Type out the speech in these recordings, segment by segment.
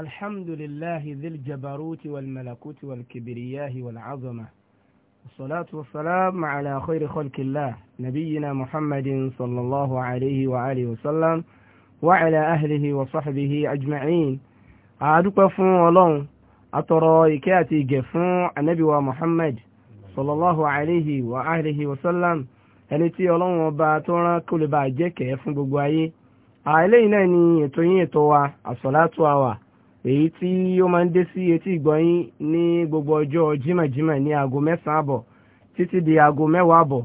الحمد لله ذي الجبروت والملكوت والكبرياء والعظمة والصلاة والسلام على خير خلق الله نبينا محمد صلى الله عليه وآله وسلم وعلى أهله وصحبه أجمعين أدوك فون ولون أترى إكاتي جفون النبي محمد صلى الله عليه وآله وسلم ẹni tí ọlọ́run ọba tó rán kó lè bá jẹ́ kẹ́ fún gbogbo ayé àìlẹ́yìn náà ni ètò yín ètò wa àsọ̀látò àwà èyí tí ó máa ń dé sí etí ìgbọ́yín ní gbogbo ọjọ́ jimajima ní aago mẹ́sàn-án àbọ̀ títí di aago mẹ́wàá àbọ̀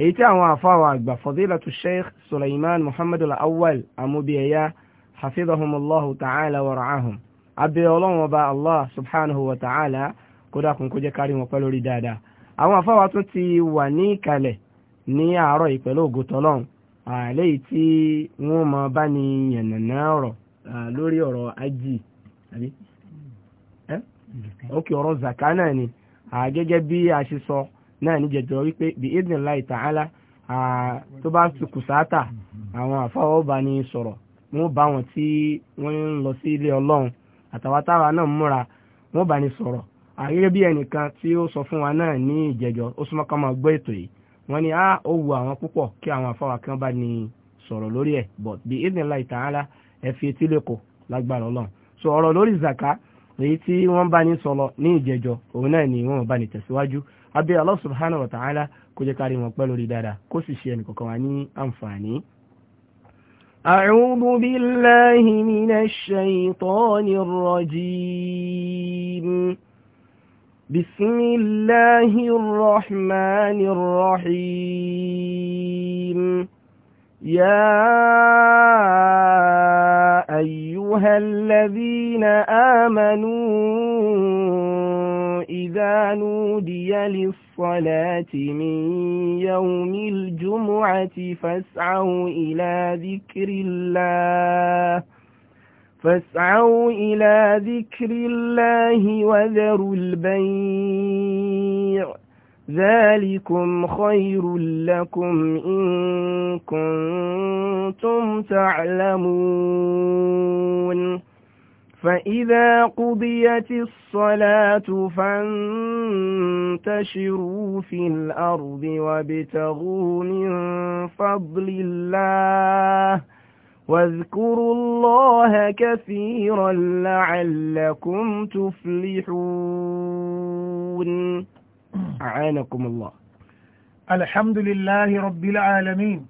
èyí tí àwọn àfáwà àgbà fadilatu sheikh suleiman muhammadu awwal amubiyaya hafidhahumullahu ta'ala wa ra'ahum abẹ́ ọlọ́run ọba allah subhanahu wa ta'ala kó dákun kó jẹ́ kárí wọn pẹ́ lórí dáadáa àwọn àfáwà tún ti wà ní ìkàlẹ̀ ní àárọ̀ ìpẹ̀lú ògùtọ́lọ́run àlẹ́ yìí tí wọ́n máa bá ní yànnàná ọ̀rọ̀ lórí ọ̀rọ̀ ají àbí ókè ọ̀rọ̀ zaka náà ni a ṣe sọ náà ní jẹjọ wípé bí idnillahi ta'ala tó bá kù sáátà àwọn àfáwọ́ bá ní sọ̀rọ̀ wọ́n bá wọn tí wọ́n ń lọ sí ilé ọlọ́run náà múra wọ́n bá ní sọ̀rọ̀ bí ẹnìkan tí ó sọ fún wa náà ní ìjẹjọ ó súnmọ́ ká máa gbọ́ ètò yìí wọ́n ní á ó wu àwọn púpọ̀ kí àwọn àfáwà kan bá ní sọ̀rọ̀ lórí ẹ̀ but so ọ̀rọ̀ lórí zaka èyí tí wọ́n bá ní sọlọ ní ìjẹjọ òun náà ni wọ́n bá ní tẹ̀síwájú abẹ́ Allah subhanahu wa ta'ala kó jẹ́ kárí wọn pẹ́ lórí dáadáa kó sì ṣe ẹnìkọ̀kan wa ní àǹfààní. أعوذ بالله من الشيطان الرجيم بسم الله الرحمن الرحيم يا أيها الذين آمنوا إذا نودي للصلاة من يوم الجمعة فاسعوا إلى ذكر الله فاسعوا إلى ذكر الله وذروا البيع ذلكم خير لكم إن كنتم تعلمون فإذا قضيت الصلاة فانتشروا في الأرض وابتغوا من فضل الله واذكروا الله كثيرا لعلكم تفلحون أعانكم الله الحمد لله رب العالمين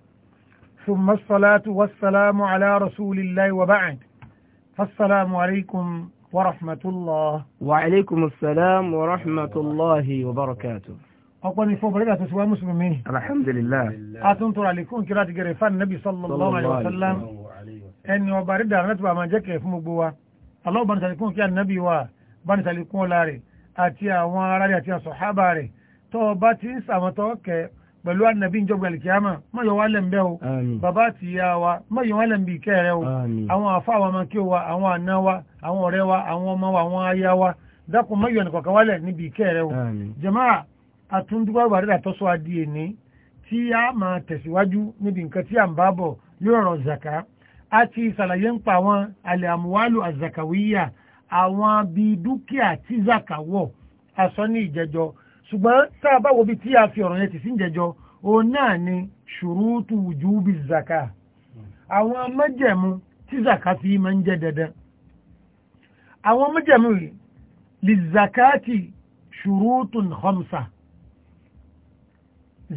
ثم الصلاة والسلام على رسول الله وبعد فالسلام عليكم ورحمة الله وعليكم السلام ورحمة الله وبركاته أقول فوق رجعة سواء مسلمين الحمد لله أتنطر عليكم كرات جريفان النبي صلى الله عليه وسلم أن وبرد رتبة ما جكي في مبوا الله بنسلكم كان النبي وبنسلكم لاري àti àwọn aráàlú àti àsọ̀hábà rẹ̀ tó o bá ti ń sàwọn tó kẹ́ pẹ̀lú ànàbí ìjọba ìkìyàmà má yọ wá lẹ́m̀bẹ́ o bàbá àti ìyá wa má yọ wá lẹ́m̀bí ìkẹ́rẹ́ o àwọn àfa wa máa kí o wa àwọn àna wa àwọn ọ̀rẹ́ wa àwọn ọmọ wa àwọn aya wa dákun má yọ nìkọ̀kan wálẹ̀ níbi ìkẹ́rẹ́ o jàmáà àtúndúgbò rẹ̀ àtọ́sọ àwọn bí dúkìá tí zaka wọ̀ aṣọ ní ìjẹjọ ṣùgbọ́n tá a bá wo bí tí a fi ọ̀rọ̀ yẹn ti sí ìjẹjọ òun náà ni ṣùrùtù wùjúbì zaka àwọn mẹ́jẹ̀mú tí zaka fi máa ń jẹ́ dandan àwọn mẹ́jẹ̀mú yìí lè zakati ṣùrùtù khamsa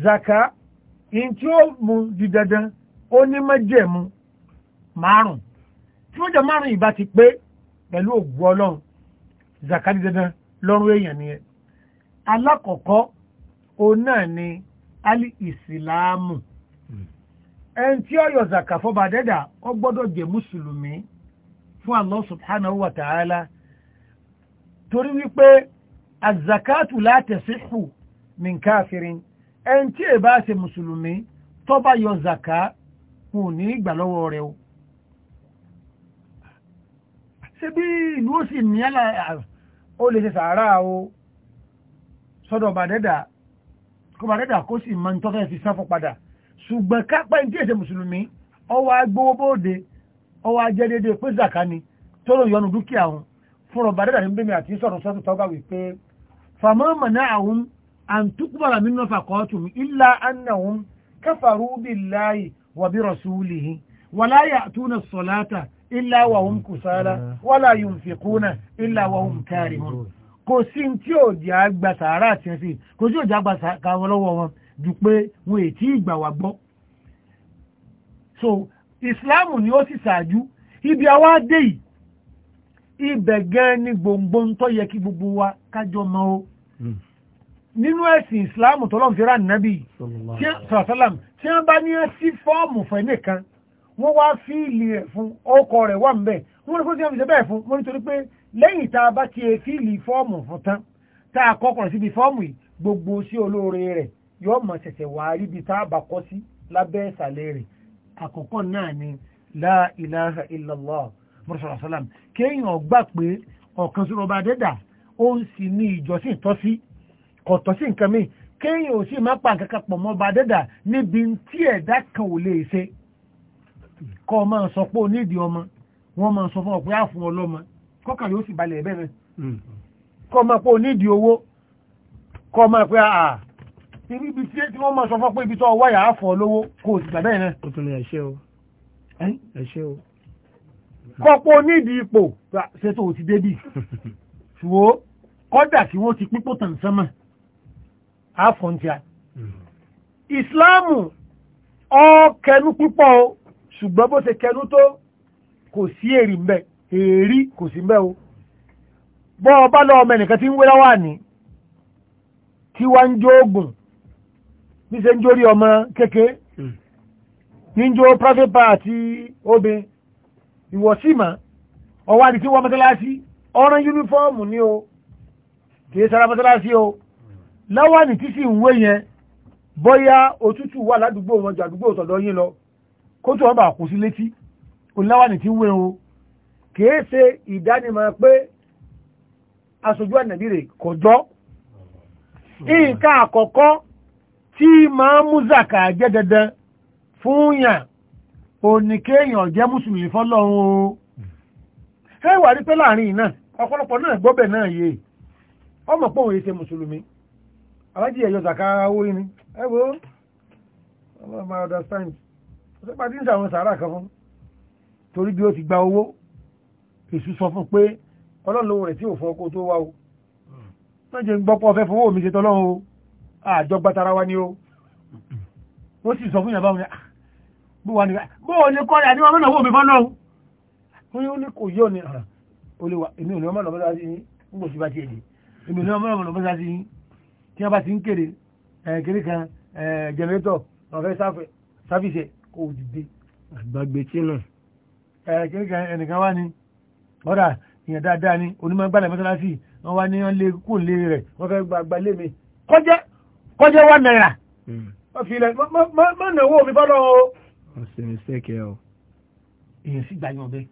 zaka in tí ó mú di dandan ó ní mẹ́jẹ̀mú márùn tí wọ́n márùn-ún ìbá ti pé pẹ̀lú ògbó ọlọ́run zakati dandan lọ́rùn èèyàn nìyẹn alákọ̀ọ́kọ́ òun náà ni ali ìsìláàmù ẹni tí ó yọ zaka fọba dẹ́dà ó gbọ́dọ̀ jẹ́ mùsùlùmí fún Allah subhanahu wa ta'ala torí wípé azakatu la tasihhu min kafirin ẹni tí èbá ṣe mùsùlùmí tó bá yọ zaka kò ní ìgbà rẹ̀ o ṣe bí ìlú ó sì ní ẹ́là ó lè ṣe sàárà o sọ́dọ̀ bàdẹ́dà kó bàdẹ́dà kó sì mọ́ tó fi sáfọ́ padà ṣùgbọ́n kápẹ́ ní èsè mùsùlùmí ọwọ́ agbówó bóde ọwọ́ ajẹ́ pé zaka ni tó ló yọnu dúkìá wọn fúnra bàdẹ́dà ní bẹ́mi àti sọ̀rọ̀ sọ́tù tọ́gbà wípé fàmọ́mọ̀ náà ilá wà ń kù sára wọ́lá yóò fi kúnà ilá wà ń kárì hàn kò sí tí ò jẹ́ àgbà sàárà àti ẹ̀sìn kò sí ò jẹ́ àgbà kàwọn lọ́wọ́ wọn ju pé wọn è ìgbà wà gbọ́ so ìsìláàmù ni ó sì ṣáájú ibi àwa dé yìí ibẹ̀ gan ni gbòǹgbò ń tọ́ yẹ kí gbogbo wa kájọ mọ o hmm. nínú ẹ̀sìn ìsìláàmù tọ́lọ́mù fi tí wọ́n bá ní ẹ́ sí fọ́ọ̀mù fẹ́ nìkan wọ́n wá fíìlì rẹ̀ fún ọkọ̀ rẹ̀ wà mbẹ̀ wọ́n ní kó tí wọ́n fi ṣe bẹ́ẹ̀ fún wọ́n nítorí pé lẹ́yìn tá a bá ti fíìlì fọ́ọ̀mù fún tán tá a síbi fọ́ọ̀mù gbogbo sí olóore rẹ̀ yóò mọ̀ ṣẹ̀ṣẹ̀ wá ríbi tá bá kọ́ sí lábẹ́ ìsàlẹ̀ rẹ̀ àkọ́kọ́ náà ni la ilaha illallah mọ́tòsọ̀rọ̀ sálàm kéèyàn gbà pé ọ̀kan sọ̀rọ̀ bá dẹ́dà ó ń sì ní ìjọsìn tọ́sí kọ̀tọ́sí nǹkan mi kéèyàn kọ́ ọ máa sọ pé ó nídìí ọmọ wọ́n máa sọ fún ọ pé á fún ọ lọ́mọ kọ́kàn yóò sì balẹ̀ ẹ̀bẹ̀ rẹ̀ hmm. kọ́ ọ máa pé ó nídìí owó kọ́ ọ máa pé àà ibi ibi tí wọ́n máa sọ fún ọ pé ibi tó wáyà á fọ̀ kò sì gbà bẹ́ẹ̀ náà. o ẹ̀ṣẹ́ o. kọ́pọ̀ nídìí ipò ṣètò òtí débì wo kọ́dà kí wọ́n ti pípò tàn sánmà á hmm. ìsìláàmù ọ̀kẹ́nu pípọ̀ o ṣùgbọ́n bó ṣe kẹnu tó kò sí èrì mbẹ èrí kò sí mbẹ o bọ́ ọba lọ ọmọ ẹnìkan tí ń wé láwà ní tí wá ń jó oògùn níṣẹ́ ń jórí ọmọ kéke hmm. ní ń jó private bar àti obìnrin ìwọ̀símà ọwọ́ àdìsí wọ́n mọ́tálásí ọ̀rán yúnífọ́ọ̀mù ní o kìí sára mọ́tálásí o láwà ní tí sì ń wé yẹn bóyá òtútù wà ládùúgbò wọn jù àdúgbò sọ̀dọ̀ yín lọ kó tó ọba kò sí létí oláwàní tí wé o kìí ṣe ìdánimọ̀ pé aṣojú ànàbí rẹ̀ kọjọ́ nǹkan àkọ́kọ́ tí máa mú zaka jẹ́ dandan fún yàn oníkéèyàn jẹ́ mùsùlùmí fọ́lọ́run o ẹ wà rí pé láàrin náà ọ̀pọ̀lọpọ̀ náà gbọ́bẹ̀ náà yé ọmọ pé òun ṣe mùsùlùmí àwájí ẹ̀yọ zaka owó ni ẹ wo ọmọ my understand ọ̀sẹ́pàá tí ń sàwọn sàárà kan fún torí bí ó ti gba owó èṣù sọ fún pé ọlọ́run rẹ̀ tí ò fọ́ kó tó wá o wọ́n jẹ́ ń gbọ́pọ̀ fẹ́ fọwọ́ mi ṣe tọ́lọ́run o àjọ gbátara wa ni o ó sì sọ fún yàrá wọn ah, bó wà ní o ní kọ́ o wọ́n ní ó ní kò yọ ni olùwà ah, èmi ò ní ọmọdé ọmọdé sí ń gbòsí bá tiẹ̀ dé èmi ò ní ọmọdé ọmọdé sí tí wọ́n bá ti ń eh, kan jẹnẹrétọ̀ eh, ọ̀fẹ́ sáfìsẹ̀ kó o dìde. àgbàgbé tí nà. ẹ kéka ẹnìkan wá ní ọ̀dà ìyẹn dáadáa ni onímọ̀ gbàdá mọ́sálásì wọn wá ní wọn lé kó lé rẹ̀ wọn fẹ́ gba àgbà lé mi kọjá kọjá wà hmm. náírà. wọ́n fi ilẹ̀ má náwó mi fọ́lọ́ o. ọ̀sẹ̀ mi sẹ́kẹ̀ o. èèyàn sì gbàyàn bẹ́ẹ̀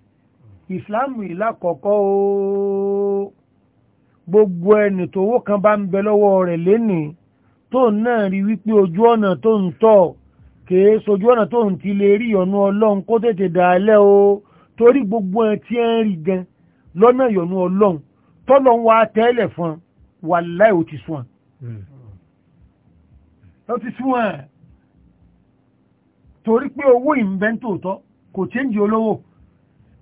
ìsìláàmù ìlà kọ̀ọ̀kọ́ o gbogbo ẹni tówó kan bá ń bẹ lọ́wọ́ rẹ̀ lénìí tó náà rí wípé ojú ọ̀nà tó ń tọ̀ kèé sojú ọ̀nà tó ń ti lè rí ìyọ̀nú ọlọ́run kó tètè dàálẹ̀ o torí gbogbo ẹ̀ tí ẹ ń rí gan lọ́nà ìyọ̀nú ọlọ́run tọ́lọ́ wa tẹ́lẹ̀ fún wa láì ó ti sùn ó ti sùn ẹ̀ torí pé owó ìmbẹ́ntòótọ́ kò chéńjì olówó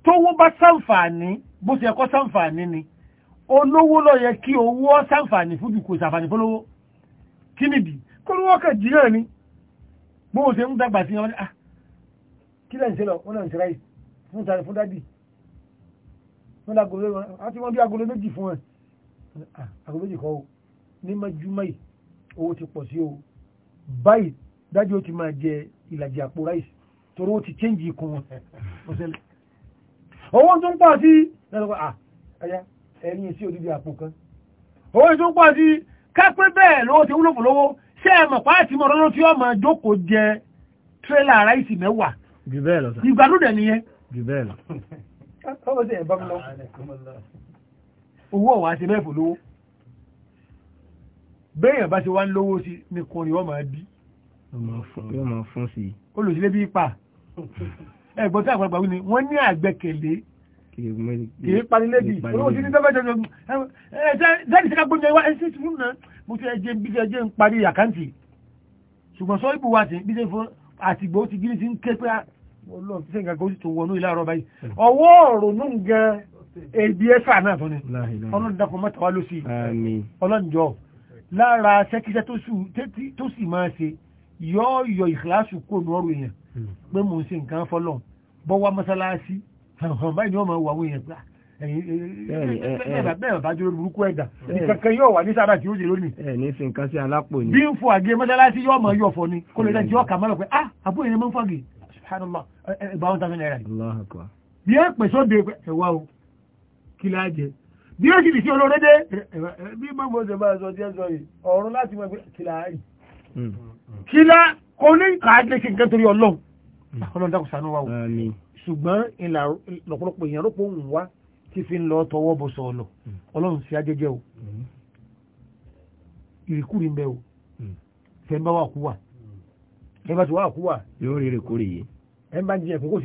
tówó bá sàǹfààní bó ṣe ẹ̀kọ́ sàǹfààní ni olówó ló yẹ kí owó sàǹfààní fújù kò sàǹfààní fólówó kí nìdí kó ló wọ́kẹ̀ jìnnà ni bóhùn ṣe ń dàgbà sí wọn ah kí lẹ́yìn ṣe lọ wọn náà ń ṣe ráì fún tàrí fún dádì wọn lọ agolo wọn àti wọn bí agolo méjì fún ẹ ah, agolo méjì kọ́ o ní mọ́júmọ́ yìí owó ti pọ̀ sí o báyìí dájú ó ti máa jẹ ìlàjì àpò ráì torí ó ti chẹ́ǹjì ikùn wọn ọ̀sẹ̀lẹ̀ owó tó ń pọ̀ sí ẹ̀yìn ah, sí odidi àpò kan owó tó ń pọ̀ sí kápẹ́ bẹ́ẹ̀ lọ́wọ́ ti wúlò ṣé ẹ mọ̀ pàtí mọ̀ rọ́rọ́ tí ọmọ jókòó jẹ tírélà ráìsì mẹ́wàá jù bẹ́ẹ̀ lọ ìgbàlódé nìyẹn jù bẹ́ẹ̀ lọ. owó ọ̀wá ṣe mẹ́fò lówó béèyàn bá ṣe wá ń lówó sí ni kùnrin ọmọ bí. yóò máa fún sí olùsílẹ̀ bí pa ẹ̀gbọ́n tí àgbàgbà wí ni wọ́n ní àgbẹ̀kẹ̀lé kì í panilébi olóòtú ní sẹ́fẹ̀ jọjọ ẹ jẹ́ ìṣẹ́ká gbóúnjẹ wá ẹ sì fún náà mo ti ẹjẹ bí ti ẹjẹ ń parí àkáǹtì ṣùgbọ́n sọ ìbò wa ti bí ṣe fún àtìgbò ti gírí sí ń ké pé ah, ọlọ́run ti sẹ́ǹkà kó sì tó wọnú ìlàrọ̀ báyìí ọwọ́ òrònú gan ebi ẹ̀fà náà fún ni ọlọ́run dàpọ̀ mọ́ta wá ló sí ọlọ́njọ́ lára ṣẹ́kíṣẹ́ tó sì máa ṣe yọ́ yọ ìkìláṣù kó nu ọrùn èèyàn hmm. pé mò ń ṣe nǹkan fọlọ́n bọ́wá mọ́sálásí hàn báyìí ni wọ́n máa wà wọ́n yẹn pé ah, bẹ́ẹ̀ bá dúró burúkú ẹ̀dá ìkankan yóò wà ní sára tí ó yẹ lónìí. ẹ ní sin kan sí alápò ni. bí n fọ àgé mọ́sálásí yóò mọ yọ̀fọ̀ ni kó lè dẹ́jọ́ kà mọ́lọ̀ pé ah àbúrò yẹn máa ń fọ́gì subhanallah ẹgbà wọn tàbí náírà yìí. bí ẹ pè sóde ẹ wá o kí la jẹ bí ó sì lè ṣe olóore dé. bí mọ̀mọ́ ṣe máa sọ díẹ̀ sọ yìí ọ̀run láti mọ̀ pé kí la rí. Hmm. kí la kò ní kàá ṣùgbọ́n ìlà lọ́pọ̀lọpọ̀ èèyàn rọ́pò ń wá tí fi ń lọ tọwọ́ bọ̀ sọ̀ọ̀lọ̀ hmm. ọlọ́run sí ajẹ́jẹ́ o hmm. ìrìkúrì ń bẹ o tẹ́ńbà hmm. wà kú wà tẹ́ńbà tí wà kú wà. yóò rí ìrìkúrì yìí. ẹ bá ń jiyàn kókó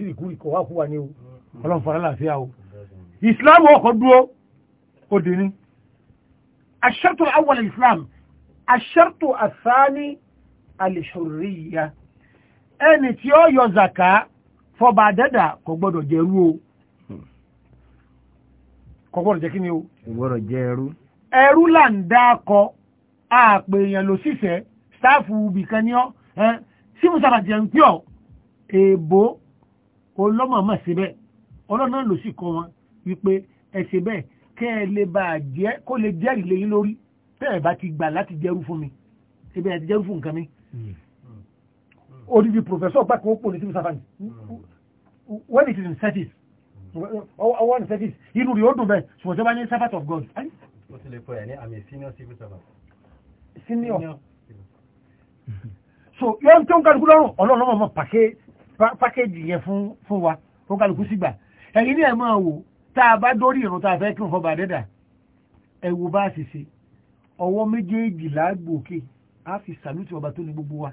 sí ẹni tí ó yọ zàkàá fọba dẹ́dà kò gbọ́dọ̀ jẹ́rú o kò gbọ́dọ̀ jẹ́ kí ni o kò gbọ́dọ̀ jẹ́ ẹrú ẹrú là ń dá akọ àpè èèyàn ló ṣiṣẹ́ sáàfù ibìkan ní ọ sí musara jẹun pí ọ èèbó olómọ̀ọ́mọ̀ síbẹ̀ ọlọ́nà ló sì kọ́ wọn wípé ẹ ṣe bẹ́ẹ̀ kẹ́ ẹ lè bá jẹ́ kó lè jẹ́rìí lórí tẹ́ ẹ bá ti gbà láti jẹ́rú fún mi ẹ bẹ́ẹ̀ ti jẹ́rú fún nǹkan mi. Hmm the professor back home police pò ní when it is in service hmm. ọwọ́ ní service inú rí ó dùn bẹ́ẹ̀ ṣùgbọ́n tí wọ́n bá ní servant of God. ó ti lè pọ̀ ẹ̀ ní àmì senior civil servant. senior so yóò tó ń kálukú lọ́rùn ọlọ́run ọmọ pàkéjì yẹn fún wa tó kálukú sígbà ẹ̀yin ní ẹ̀ máa wò tá a bá dórí ìrùn tá a fẹ́ kí n fọba àdẹ́dà ẹ wo bá a sì ṣe ọwọ́ méjèèjì lágbòókè á fi sàlùtì ọba tó ní gbogbo wa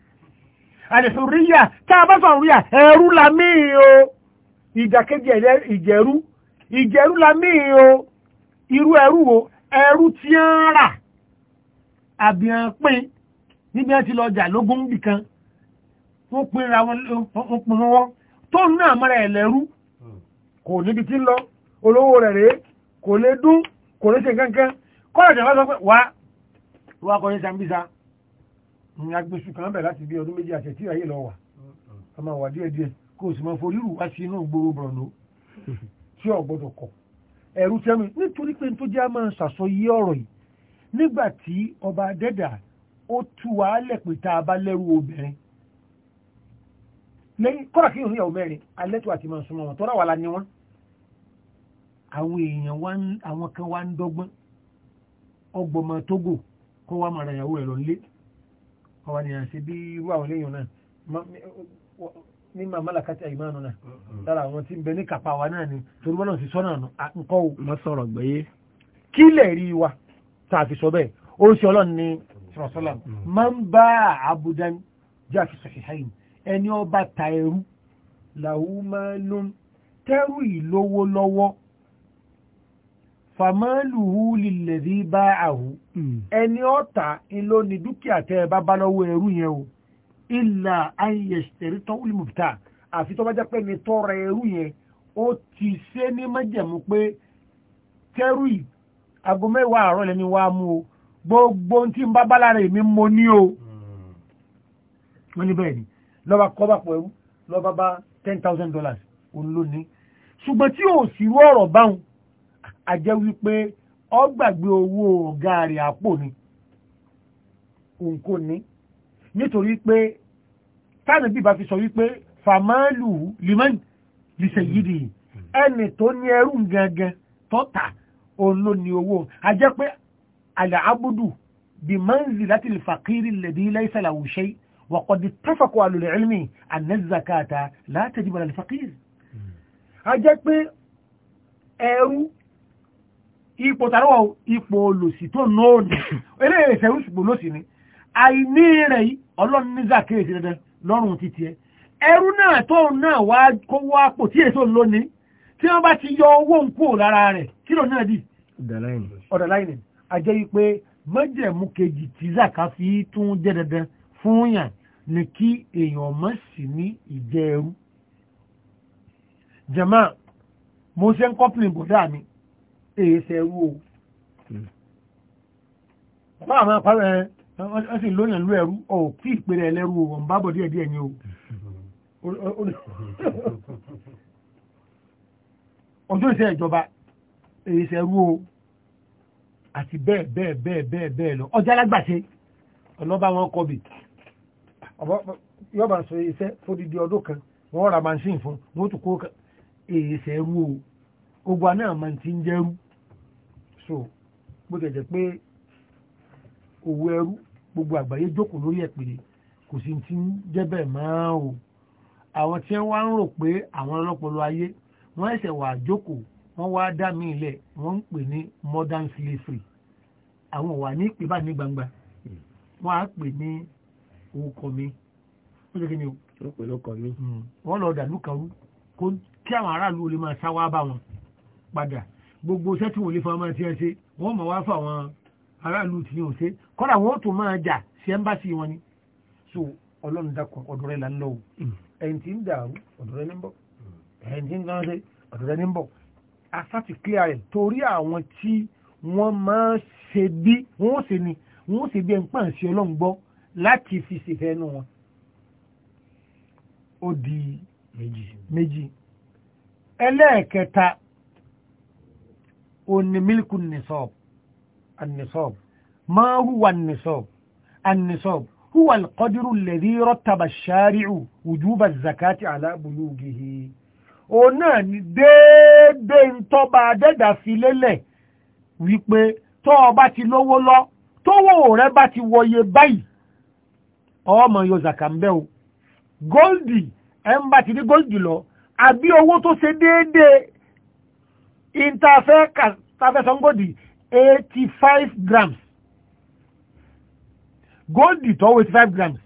àlẹ́sùríyà tá a bá sọ̀rọ̀ ríyà ẹ̀rú la míì o ìdàkejì ìjẹ̀rú ìjẹ̀rú la míì o irú ẹ̀rú wo ẹ̀rú tí ń rà àbí ń pín níbi ẹ̀ ti lọ jà lógún nìkan wọ́n pín ra wọn wọ́n tó náà mọ́ra ẹ̀ lẹ́rú kò níbi tí ń lọ olówó rẹ̀ rèé kò lè dún kò lè ṣe kankan kọ́lọ̀ jẹ́ sọ pé wá wá kọ́ ní sambisa ní agbésù kan bẹ̀ láti bí ọdún méjì àṣẹ tí ayé lọ wà a máa wà díẹ̀ díẹ̀ kó o sì máa forí rù wá sí inú gbòòrò bọ̀rọ̀nù tí ò gbọ́dọ̀ kọ̀ ẹ̀rù tẹ́mi nítorí pé tó jẹ́ a máa ṣàṣọ yí ọ̀rọ̀ yìí nígbà tí ọba adẹ́dà ó tú wa lẹ̀ pé tá a bá lẹ́rù obìnrin lẹ́yìn kọ́ra kí òun yàwó mẹ́rin alẹ́ tó àti máa súnmọ́ wọn tọ́ra wà lá wọn àwọn èèyàn àwọn kan wá ń dọ́gbọ́n ọgbọ̀mọ̀ tógò kó wá mara ìyàwó rẹ̀ lọ ọwà ni àṣẹ bí irú àwọn eléyìn náà mímọ amálàkàtì àìmánu náà mm-hmm. lára àwọn tí ń bẹ ní kàpá wa náà ni torí wọn náà ti sọ́nà nǹkan o. mo sọ̀rọ̀ gbẹ́yé. kí lè rí wa tá a fi sọ bẹ́ẹ̀ ó ọlọ́run ní sọ̀rọ̀sọ́lá máa mm-hmm. ń bá àbúdán já fi sọ̀ṣìṣàyìn ẹni ọba ta ẹrú làwọn máa ló ń tẹ́rù ìlówó lọ́wọ́ fàmọ́lùhù lìlẹ̀dí bá àhù ẹni ọ̀tà ìlò ní dúkìá tẹ́ ẹ bá bá lọ́wọ́ ẹrú yẹn o ìlà ayẹ̀ṣẹ̀rí tán olùmọ̀tà àfi tó bá jẹ́ pé ní tọrọ ẹrú yẹn ó ti ṣe ní májẹ̀mú pé tẹ́rù yìí aago mẹ́wàá àárọ̀ lẹ́ni wàá mú o gbogbo ohun tí ń bá bá èmi mo ní o hmm. wọ́n ní bẹ́ẹ̀ ni lọ́ba kọ́ bá pọ̀ ẹrú lọ́ba bá ten thousand dollars òun ló ní ṣùgbọ́n tí ò a jẹ́ wípé ọ gbàgbé owó ọ̀gá rẹ̀ àpò ni òun kò ní nítorí pé táàbí bá fi sọ wípé fàmálù limán lìṣẹ̀ yìí dì ẹni tó ní ẹrù gangan tọ́ta òun ló ní owó a jẹ́ pé àlẹ́ abúdù bí mọ́ǹzì láti lè fàkírí lẹ́dí láìsàlà òṣè wàkọ̀dì tẹ́fàkọ̀ àlùlẹ̀ ẹ̀lmì ànẹ́zàkàtà látẹ̀dìbọ̀ àlùfàkírí a jẹ́ pé ẹrú ipò tàrọwọ̀ ipò olùsì tó nóòdì eléyìí ìfẹ́ òṣùpò lóṣì ni àìní rẹ̀ ọlọ́run ní zàkéèsì dandan lọ́rùn títí ẹ ẹrú náà tó náà wá kó wá pò tí èso lónìí tí wọ́n bá ti yọ owó ń kúrò lára rẹ̀ kí ló náà dì ọ̀dàláìnì àjẹ́ wípé mọ́jẹ̀mú kejì tí zàká fi tún jẹ́ dandan fún yàn ni kí èèyàn mọ̀ sí ní ìjẹ́ ẹrú jẹ̀mọ́ mo ṣe ń kọ́pìlì bọ̀dá mi èèṣẹ̀rú o máa hmm. máa parẹ́ wọ́n sì lóyìn ìlú ẹ̀rú ọ̀ tí ìpèrè ẹlẹ́rú o wọ́n bá bọ̀ díẹ̀ díẹ̀ ni o ọjọ́ ìṣẹ́ ìjọba èèṣẹ̀rú o àti bẹ́ẹ̀ bẹ́ẹ̀ bẹ́ẹ̀ bẹ́ẹ̀ bẹ́ẹ̀ lọ ọjà alágbàṣe ọlọ́ba wọn kọbi yọba sọ iṣẹ́ fódìdí ọdún kan wọ́n ra machine fún wọ́n tún kó èèṣẹ̀rú o gbogbo àná àmọ́ ti ń jẹ́rú so bó ti jẹ́ pé òwò ẹrú gbogbo àgbáyé jókòó lórí ẹ̀pẹ̀rẹ̀ kò sí ti ń jẹ́ bẹ́ẹ̀ máa o àwọn tí wọ́n ń rò pé àwọn ọlọ́pọlọ ayé wọ́n ẹ̀sẹ̀ wà jókòó wọ́n wá dá mi ilẹ̀ wọ́n ń pè ní modern slavery àwọn wà ní ìpè báyìí ní gbangba wọ́n á pè ní orúkọ mi ó jẹ́ kí ni o. wọ́n pè lóko mi. Hmm. wọ́n lọ dàlú kan kí àwọn aráàlú olè máa sá wá bá wọn padà gbogbo iṣẹ́ tí wọ́n lè fa ọmọ tí ẹ ṣe wọ́n mọ̀ wá fà wọn aráàlú tí yóò ṣe kọ́dà wọ́n tó máa jà sí ẹ́mbáṣì wọn ni so ọlọ́run dákun ọ̀dọ̀ rẹ̀ là ń lọ o hmm. ẹ̀yìn tí ń dàrú ọ̀dọ̀ rẹ̀ ní ń bọ̀ ẹ̀yìn tí ń dáná ṣe ọ̀dọ̀ rẹ̀ ní ń bọ̀ asáti clear rẹ̀ torí àwọn tí wọ́n máa ṣe bí wọ́n ṣe ni wọ́n ṣe bí ẹ̀ńpà ṣe ọlọ́run gbọ́ láti fi ṣèfẹ́ nù wọn ó di ẹlẹ́ẹ̀kẹta òní mílíkù nìsọ́b anìsọ́b máa hùwà nìsọ́b anìsọ́b hùwà alqadru lèrí rọ́tàbà ṣáríù wùjúbà zakati alábùlúgìhì òun náà ni déédéé ń tọ́ba adẹ́dà fi lélẹ̀ wípé tọ́ ọ bá ti lówó lọ tówó rẹ bá ti wọye báyìí ọmọ yọ zaka ń bẹ́ o góòlì ẹ̀ ń ti ní góòlì lọ àbí owó tó ṣe déédéé ìtafẹ́ tafẹ́ sọ 85 grams góòdì tó 85 grams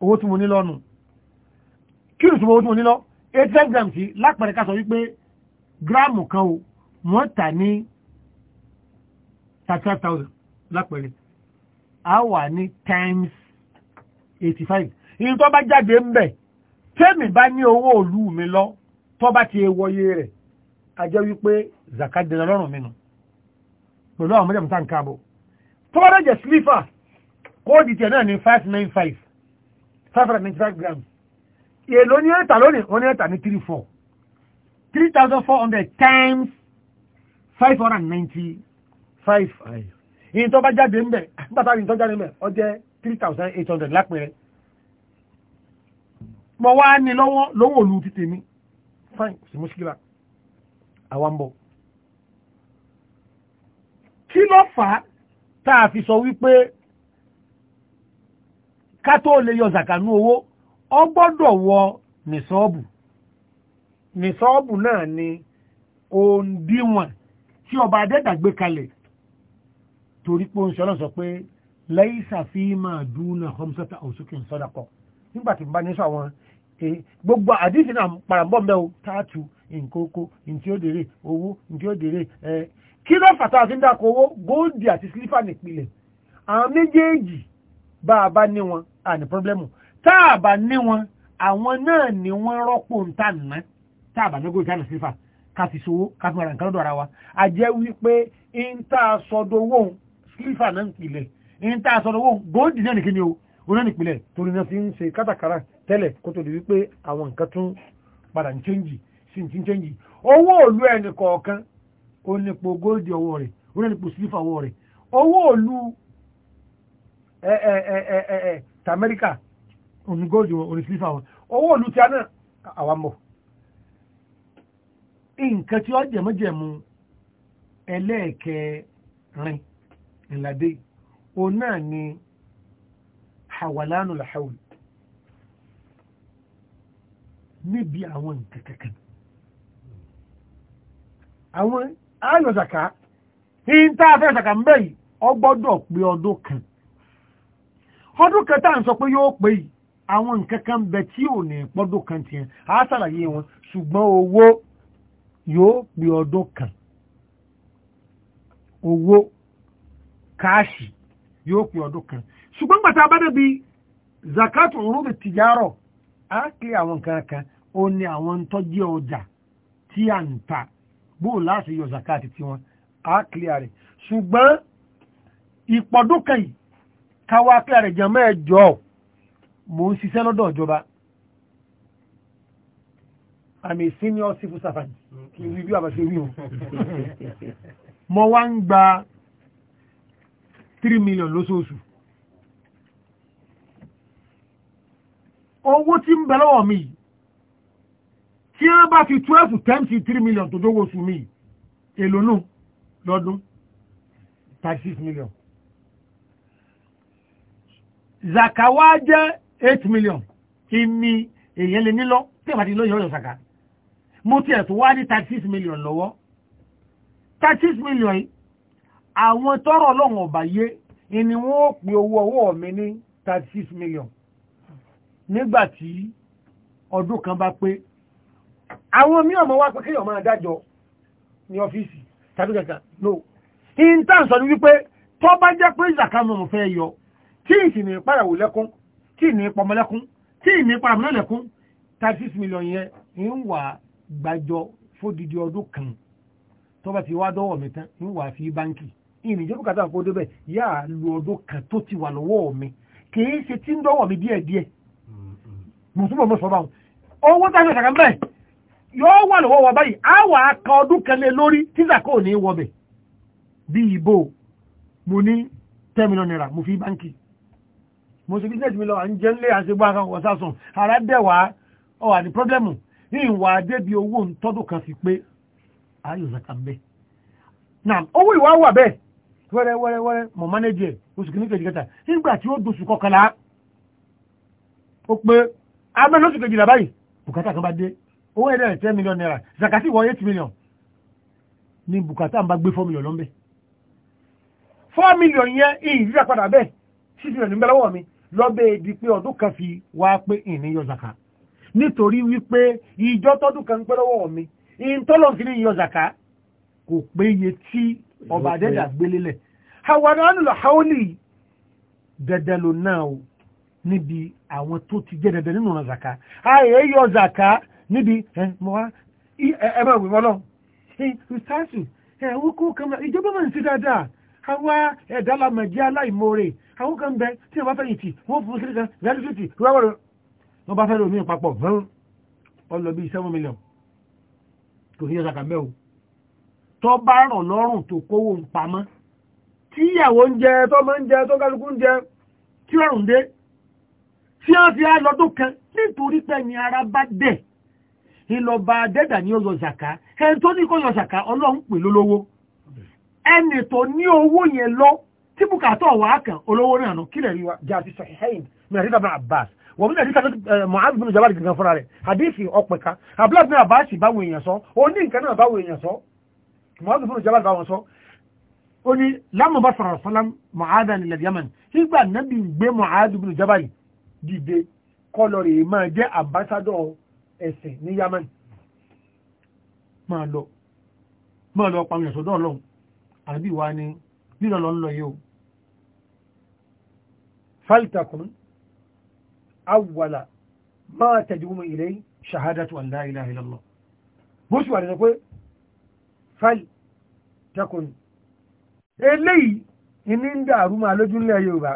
owó tí mo ní lọ́nu kí ní ṣùgbọ́n owó tí mo ní lọ 85 grams yìí lápẹẹrẹ ká sọ wípé gíráàmù kan o wọ́n tà ní 35,000 lápẹẹrẹ a wà ní times 85 ìyí tó bá jáde ń bẹ̀ tẹ́mi bá ní owó òlú mi lọ tó bá ti wọye rẹ̀ ajẹ́ wípé zakat dẹ̀rẹ̀ lọ́rùn mi nù pẹ̀lú àwọn mẹ́jọ̀mù tán káàbọ̀ tó bá dẹ̀jẹ̀ slipper kóòdì tiẹ̀ náà ní five nine five five hundred ninety five grams èèlò ní ẹ̀ta lónìí wọ́n ní ẹ̀ta ní three four three thousand four hundred times five hundred ninety five ìyìn tó bá jáde ń bẹ̀ three thousand eight hundred lápẹ̀rẹ̀ mo wá ní lọ́wọ́ lówó olú ti tèmi fine sí mú síkírà àwa ń bọ̀ kí ló fà á tá a fi sọ wípé ká tó lè yọ zakanu owó ọ gbọ́dọ̀ wọ nìsọ́ọ̀bù nìsọ́ọ̀bù náà ni òǹdíwọ̀n tí ọba adẹ́dà gbé kalẹ̀ torí pé oúnjẹ ọlọ́sọ pé lẹ́yìn sàfihàn dúnà homsata òsókè sọ́dakọ̀ nígbàtí bá ní sọ àwọn eh, gbogbo àdísì náà parambọ́mbẹ́ o táàtù nkókó ntí ó dèrè owó ntí ó dèrè ẹ kí ló fàtà àti ńdàkọ owó góòdì àti sílífà nípìnlẹ̀ àwọn méjèèjì bá a bá ní wọn àní pọ́blẹ́mù tá a bá ní wọn àwọn náà ni wọ́n rọ́pò ńta nà tá a bá ní góòdì àti sílífà ká sowó ká mara nǹkan lọ́dọ̀ ara wa a jẹ́ wípé ńta sọdowó sílífà náà nípìnlẹ̀ ńta sọdowó góòdì náà nìkíni o oná nípìnlẹ̀ torí náà fi ń ṣe kátàkárà tẹ́lẹ̀ kó tó di wípé àwọn nǹkan tún padà ń chẹ́ǹjì sí ti ń chẹ́ǹjì owó òlu ẹnì kọ̀ọ̀kan ó nípo góòdì ọwọ́ rẹ̀ ó nípo sílífà ọwọ́ rẹ̀ owó òlu tamẹ́ríkà òní góòdì òní sílífà wọn owó òlu tí a náà àwa mọ̀ nǹkan tí ó jẹ̀mọ́jẹ̀mú ẹlẹ́ẹ̀kẹrin ìlàdé òun náà ni hawalanu làhàwùl níbi àwọn nǹkan kankan àwọn ayọ̀sàkà ní tá a fẹ́ sàkà mbẹ́ yìí ọgbọ́dọ̀ pé ọdún kan ọdún kan ń sọ pé yóò pé àwọn nǹkan kan bẹ tí ò ní pọ́dún kan tiẹ̀ á ṣàlàyé wọn ṣùgbọ́n owó yóò kan owó káàṣì yóò pé kan ṣùgbọ́n gbàtà zakat rúbi tìjárọ̀ á pé àwọn kankan ó ní àwọn tọ́jú ọjà tí à ń bóò láti yọ zakati tí wọn á kílẹ̀ rẹ̀ ṣùgbọ́n ìpọ̀dúnkàn yìí káwá kílẹ̀ rẹ̀ jẹ́ mẹ́ẹ̀jọ mò ń ṣiṣẹ́ lọ́dọ̀ ìjọba àmì senior civil servant kì í wí bí àbáṣe wí o mo wá ń gba three million lóṣooṣù owó tí ń bẹ lọ́wọ́ mi yìí tí wọ́n bá fi twelve times three million tó dówó oṣù mi èlò náà lọ́dún thirty six million zaka jẹ́ eight million ìmì èèyàn lè nílọ tí ìbàdí lóyún ọ̀yọ̀ zaka mo tiẹ̀ tó wá ní thirty six million lọ́wọ́ thirty six million yìí àwọn tọrọ ọlọ́run ọ̀bà yé ni wọ́n pe owó ọwọ́ mi ní thirty six million nígbà tí ọdún kan bá pé àwọn mí ọmọ wá pé kéèyàn máa dájọ́ ní ọ́fíìsì tàbí kẹta no In intan sọ ní wípé tó bá jẹ́ pé ìzàkámọ̀ mo fẹ́ yọ tí ìsì ní ìpàyàwó lẹ́kún tí ìní pọmọ lẹ́kún tí ìní pàmọ́ lẹ́kún thirty six million yẹn ń wà gbàjọ fódìdí ọdún kan tó bá ti wá dọ́wọ́ mi tán ń wà fi báńkì ìní ìjọba kàtà kó débẹ̀ yà á lu ọdún kan tó ti wà lọ́wọ́ mi kì í ṣe tí ń dọ́wọ́ mi díẹ̀díẹ̀ mo túbọ̀ mọ́ sọ báwọn owó tá a ṣe ṣàkàmbẹ́ yóò wà lọ́wọ́ wa báyìí a wà á ka ọdún kan lé lórí tí zaka ò ní wọbẹ̀ bí ìbò mo ní ten million naira mo fi báńkì mo ṣe business mi lọ à ń jẹ́ nílé àṣegbọ́ àwọn ọ̀sásùn ara dẹ̀wà ọ̀wà ní pọ́blẹ́mù ìwà débi owó ń tọ́dún kan fi pé ayò zaka ń bẹ owó ìwà wà bẹ́ẹ̀ wẹ́rẹ́ mọ̀ mánéjì ẹ̀ oṣù kìíní kejì kẹta nígbà tí ó doṣù kọkànlá ó pé abẹ́ lóṣù kejìlá báyìí bùkátà kan bá dé owó ẹ̀rẹ́ ten million naira zakati wọ eight million ní bùkátà gbe bá gbé four million four million yẹn iri rírà padà bẹ́ẹ̀ six million níbẹ̀ lọ́wọ́ mi lọ́bẹ̀ di pé ọdún kan fi wá pé ìní yọ zaka nítorí wípé ìjọ kan pẹ́ lọ́wọ́ mi ìtọ́lọ̀ zaka kò pé iye tí ọba gbélélẹ̀ àwọn haoli náà níbi àwọn tó ti nínú zaka zaka níbi ẹ mọ́ wá ẹ bá wí wọ́lọ́ ṣáàṣì ẹ wúkú kan mọ́ ìjọba máa ń ṣe dáadáa àwa ẹ̀dá lamọ̀ jẹ́ aláìmoore àwọn kan bẹ tí wọ́n bá fẹ́ yìí wọ́n fún sílẹ̀ kan reality rẹ́wọ̀rọ̀ wọ́n bá fẹ́ lómi ìpapọ̀ ọlọ́bí seven million kò ní ọ̀sàkà mẹ́wò tó bá rọ̀ lọ́rùn tó kówó ń pamọ́ tí ìyàwó ń jẹ tó máa ń jẹ tó kálukú ń jẹ tí ọrùn dé tí wọ́n fi á lọ́dún kan nítorí pé ni ara bá dẹ̀ ìlọba dẹ́dà ní ọyọ zàká ẹni tó ní kó yọ zàká ọlọ́run pè lólówó ẹni tó ní owó yẹn lọ tí bùkátọ̀ wà á kàn olówó náà nù kílẹ̀ rí wa jáde sahihain mẹ́rin bàbá abbas wọ́n mi nàìjíríà Mu'adh bin Jabal gangan fúnra rẹ̀ hadithi ọ̀pẹ̀ka abdullahi bin abbas báwọn èèyàn sọ ó ní nǹkan náà báwọn èèyàn sọ Mu'adh bin Jabal báwọn sọ ó ní lámà bá sọ̀rọ̀ sọ́lám Mu'adhan ilẹ̀ Yaman nígbà nábì gbé Mu'adh bin Jabal dìde kọlọ̀rì máa jẹ́ ambassador ẹ̀sìn ní Yaman máa lọ máa lọ pàmì ẹ̀sọ́dọ̀ ọlọ́run àbí wa ni lílọ lọ ń lọ yóò faltakun awwala máa tẹ̀jú mú ilé ṣahadatu an la bó ṣùwà rẹ̀ pé faltakun eléyìí iní ń dàrú máa lójú ńlẹ̀ Yorùbá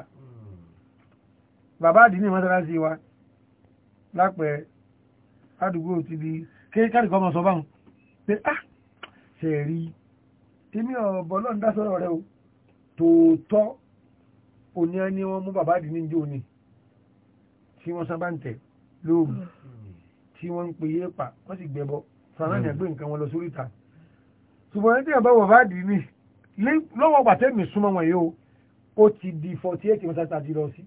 bàbá àdínì mọ́sálásí wa lápẹẹrẹ ládùúgbò ti di kéékàdì kọ́ mọ̀ sọ báwọn pé ah ṣe rí èmi ọ̀bọ̀ náà ń dá sọ́rọ̀ rẹ o tòótọ́ òní ẹni wọn mú bàbá àdì níjó ni tí wọ́n sábà ń tẹ̀ lóòrù tí wọ́n ń pe yé pa wọ́n sì gbẹ̀bọ sànánì àgbé nǹkan wọn lọ sórí ìta ṣùgbọ́n ẹni tí yàrá wọ̀ bá dì ní lọ́wọ́ pàtẹ́mì súnmọ́ wọn yìí o ó ti di forty eight mọ́tàtà ti lọ sí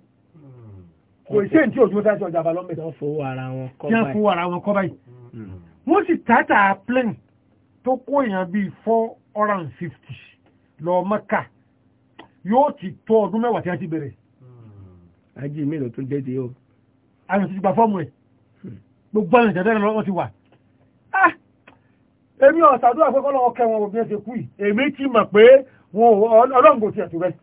kò ṣe ní tí òṣùwọ́n sáà ti ọjà àbálọ́ mẹ́ta. wọ́n fowó ara wọn kọ́ báyìí. wọ́n fowó ara wọn kọ́ báyìí. Mm-hmm. wọ́n sì tààtà plane tó kó èèyàn bíi four hundred and fifty lọ mọ́kà yóò ti tó ọdún mẹ́wàá tí wọ́n ti bẹ̀rẹ̀. Mm-hmm. ajé mélòó tún dédé o. àwọn ti gba fọ́ọ̀mù ẹ̀ hmm. gbogbo àwọn ìjàdá ẹ̀rọ lọ́wọ́ ti wà. Ah! èmi ọ̀sàdúrà pé kọ́lọ́wọ́ kẹ́ wọn òbí ẹ̀ ti kú yìí èmi ti mọ̀ pé wọn ọlọ́run kò tiẹ̀ tó rẹ̀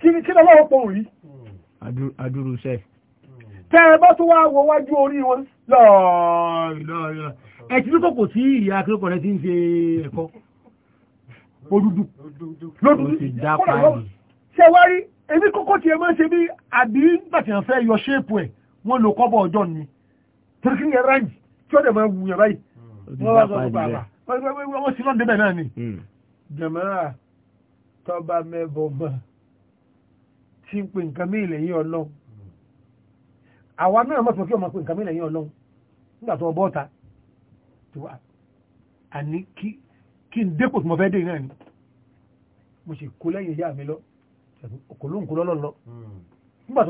kí ni kí ni ọlọ́run pọ̀ wò yìí tẹ́ ẹ bá tó wá wọ wájú orí wọn lọ́ọ̀lọ́ọ̀lọ́ ẹ kò sí ìyá akẹ́kọ̀ọ́ rẹ ti ń ṣe ẹ̀kọ́ odúdú lódúdú ṣe wá èmi kókó tiẹ̀ máa ń hmm. mẹ́bọ̀ mọ́ tí ń pè nǹkan mí ìlẹ̀yìn ọlọ́run àwa náà mọ̀ sọ́kí ọmọ pé nǹkan mẹ́lẹ̀ yẹn ọlọ́run nígbà tó ọbọ̀ ọ̀ta tó wà àní kí n dépò tí mo fẹ́ dé náà ni mo sì kó lẹ́yìn ìyá mi lọ kò ló ń kó hmm. hmm.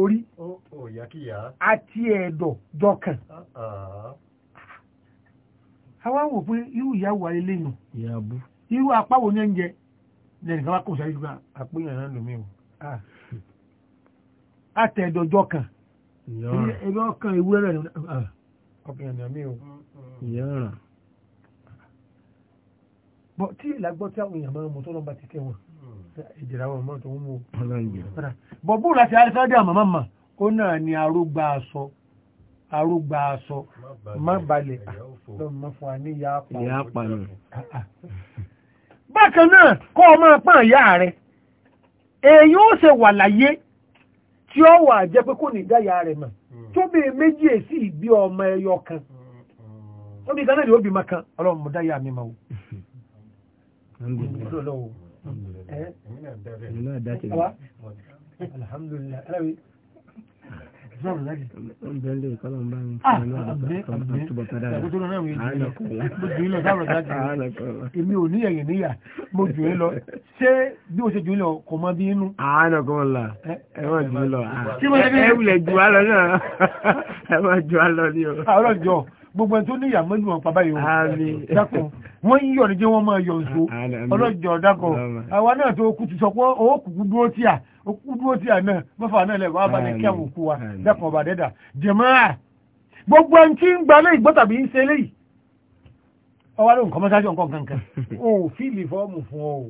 hmm. àti ẹ̀dọ̀ jọkàn. Ah, ah káwá wò pé irú ìyàwó ayé lẹ́yìn irú apá wo ní ẹ̀ǹjẹ lẹ́yìn káwá kò sáré dùgbà àpéyàn náà lómi o àtẹ̀dọ̀jọ kan ẹ̀rọ kan ìwúrẹ́ rẹ̀ ọkùnrin ẹ̀nà mi o. bọ́ tí ìlàgbọ́ tí àwọn èèyàn máa ń mú tó lọ́ba ti tẹ̀ wọ́n hmm. ìjìnlẹ̀ àwọn ọmọ tó ń mú o. bọ̀ bóòlù àti alifáàdì àmàmà ó náà ni arógbá aṣọ arugba aṣọ má balẹ̀ lọ́mọ wa ìyá apànù. bákan náà kọ́ ọ máa ìyá rẹ̀ èyí ó ṣe wà láyé tí ó wà jẹ́ pé kò ní dáyà rẹ̀ mọ̀ hmm. tó bí méjì èsì ìbí ọmọ ẹyọ kan ó bí gánà n'i ó bí ma kan ọlọ́run mo dáyà mi o. ọ̀bẹ̀lẹ̀ kọlọ̀mbá mi ah, èmi ò ní ẹ̀yìn níyà mo jù ẹ lọ ṣé bí o ṣe jù ú lọ kò mọ bí inú. àánà kò lọ ẹ wọ́n jù ú lọ ẹ wulẹ̀ jù á lọ náà ẹ wọ́n jù á lọ ní o. àwọn ọjọ́ gbogbo ẹni tó níyà mọ́jú wọn pa báyìí o dákun wọ́n ń yọ̀ ní jẹ́ wọ́n máa yọ̀ nsó ah, ah, ọlọ́jọ́ dákọ̀ àwa náà tó kú ti sọ pé ó kúkú dúró tí à ó kúkú dúró tí à náà mọ́fà náà lẹ̀ wọ́n abalẹ̀ kí àwọn òkú wa dákọ̀ ọba dẹ́dà jẹ̀mọ́ra gbogbo ẹni tí ń gba lẹ́yìn gbọ́ tàbí ń ṣe lẹ́yìn ọwọ́ ló ń kọ́ mọ́sájọ́ nǹkan kankan o ò fíìlì fọ́ọ̀mù fún ọ o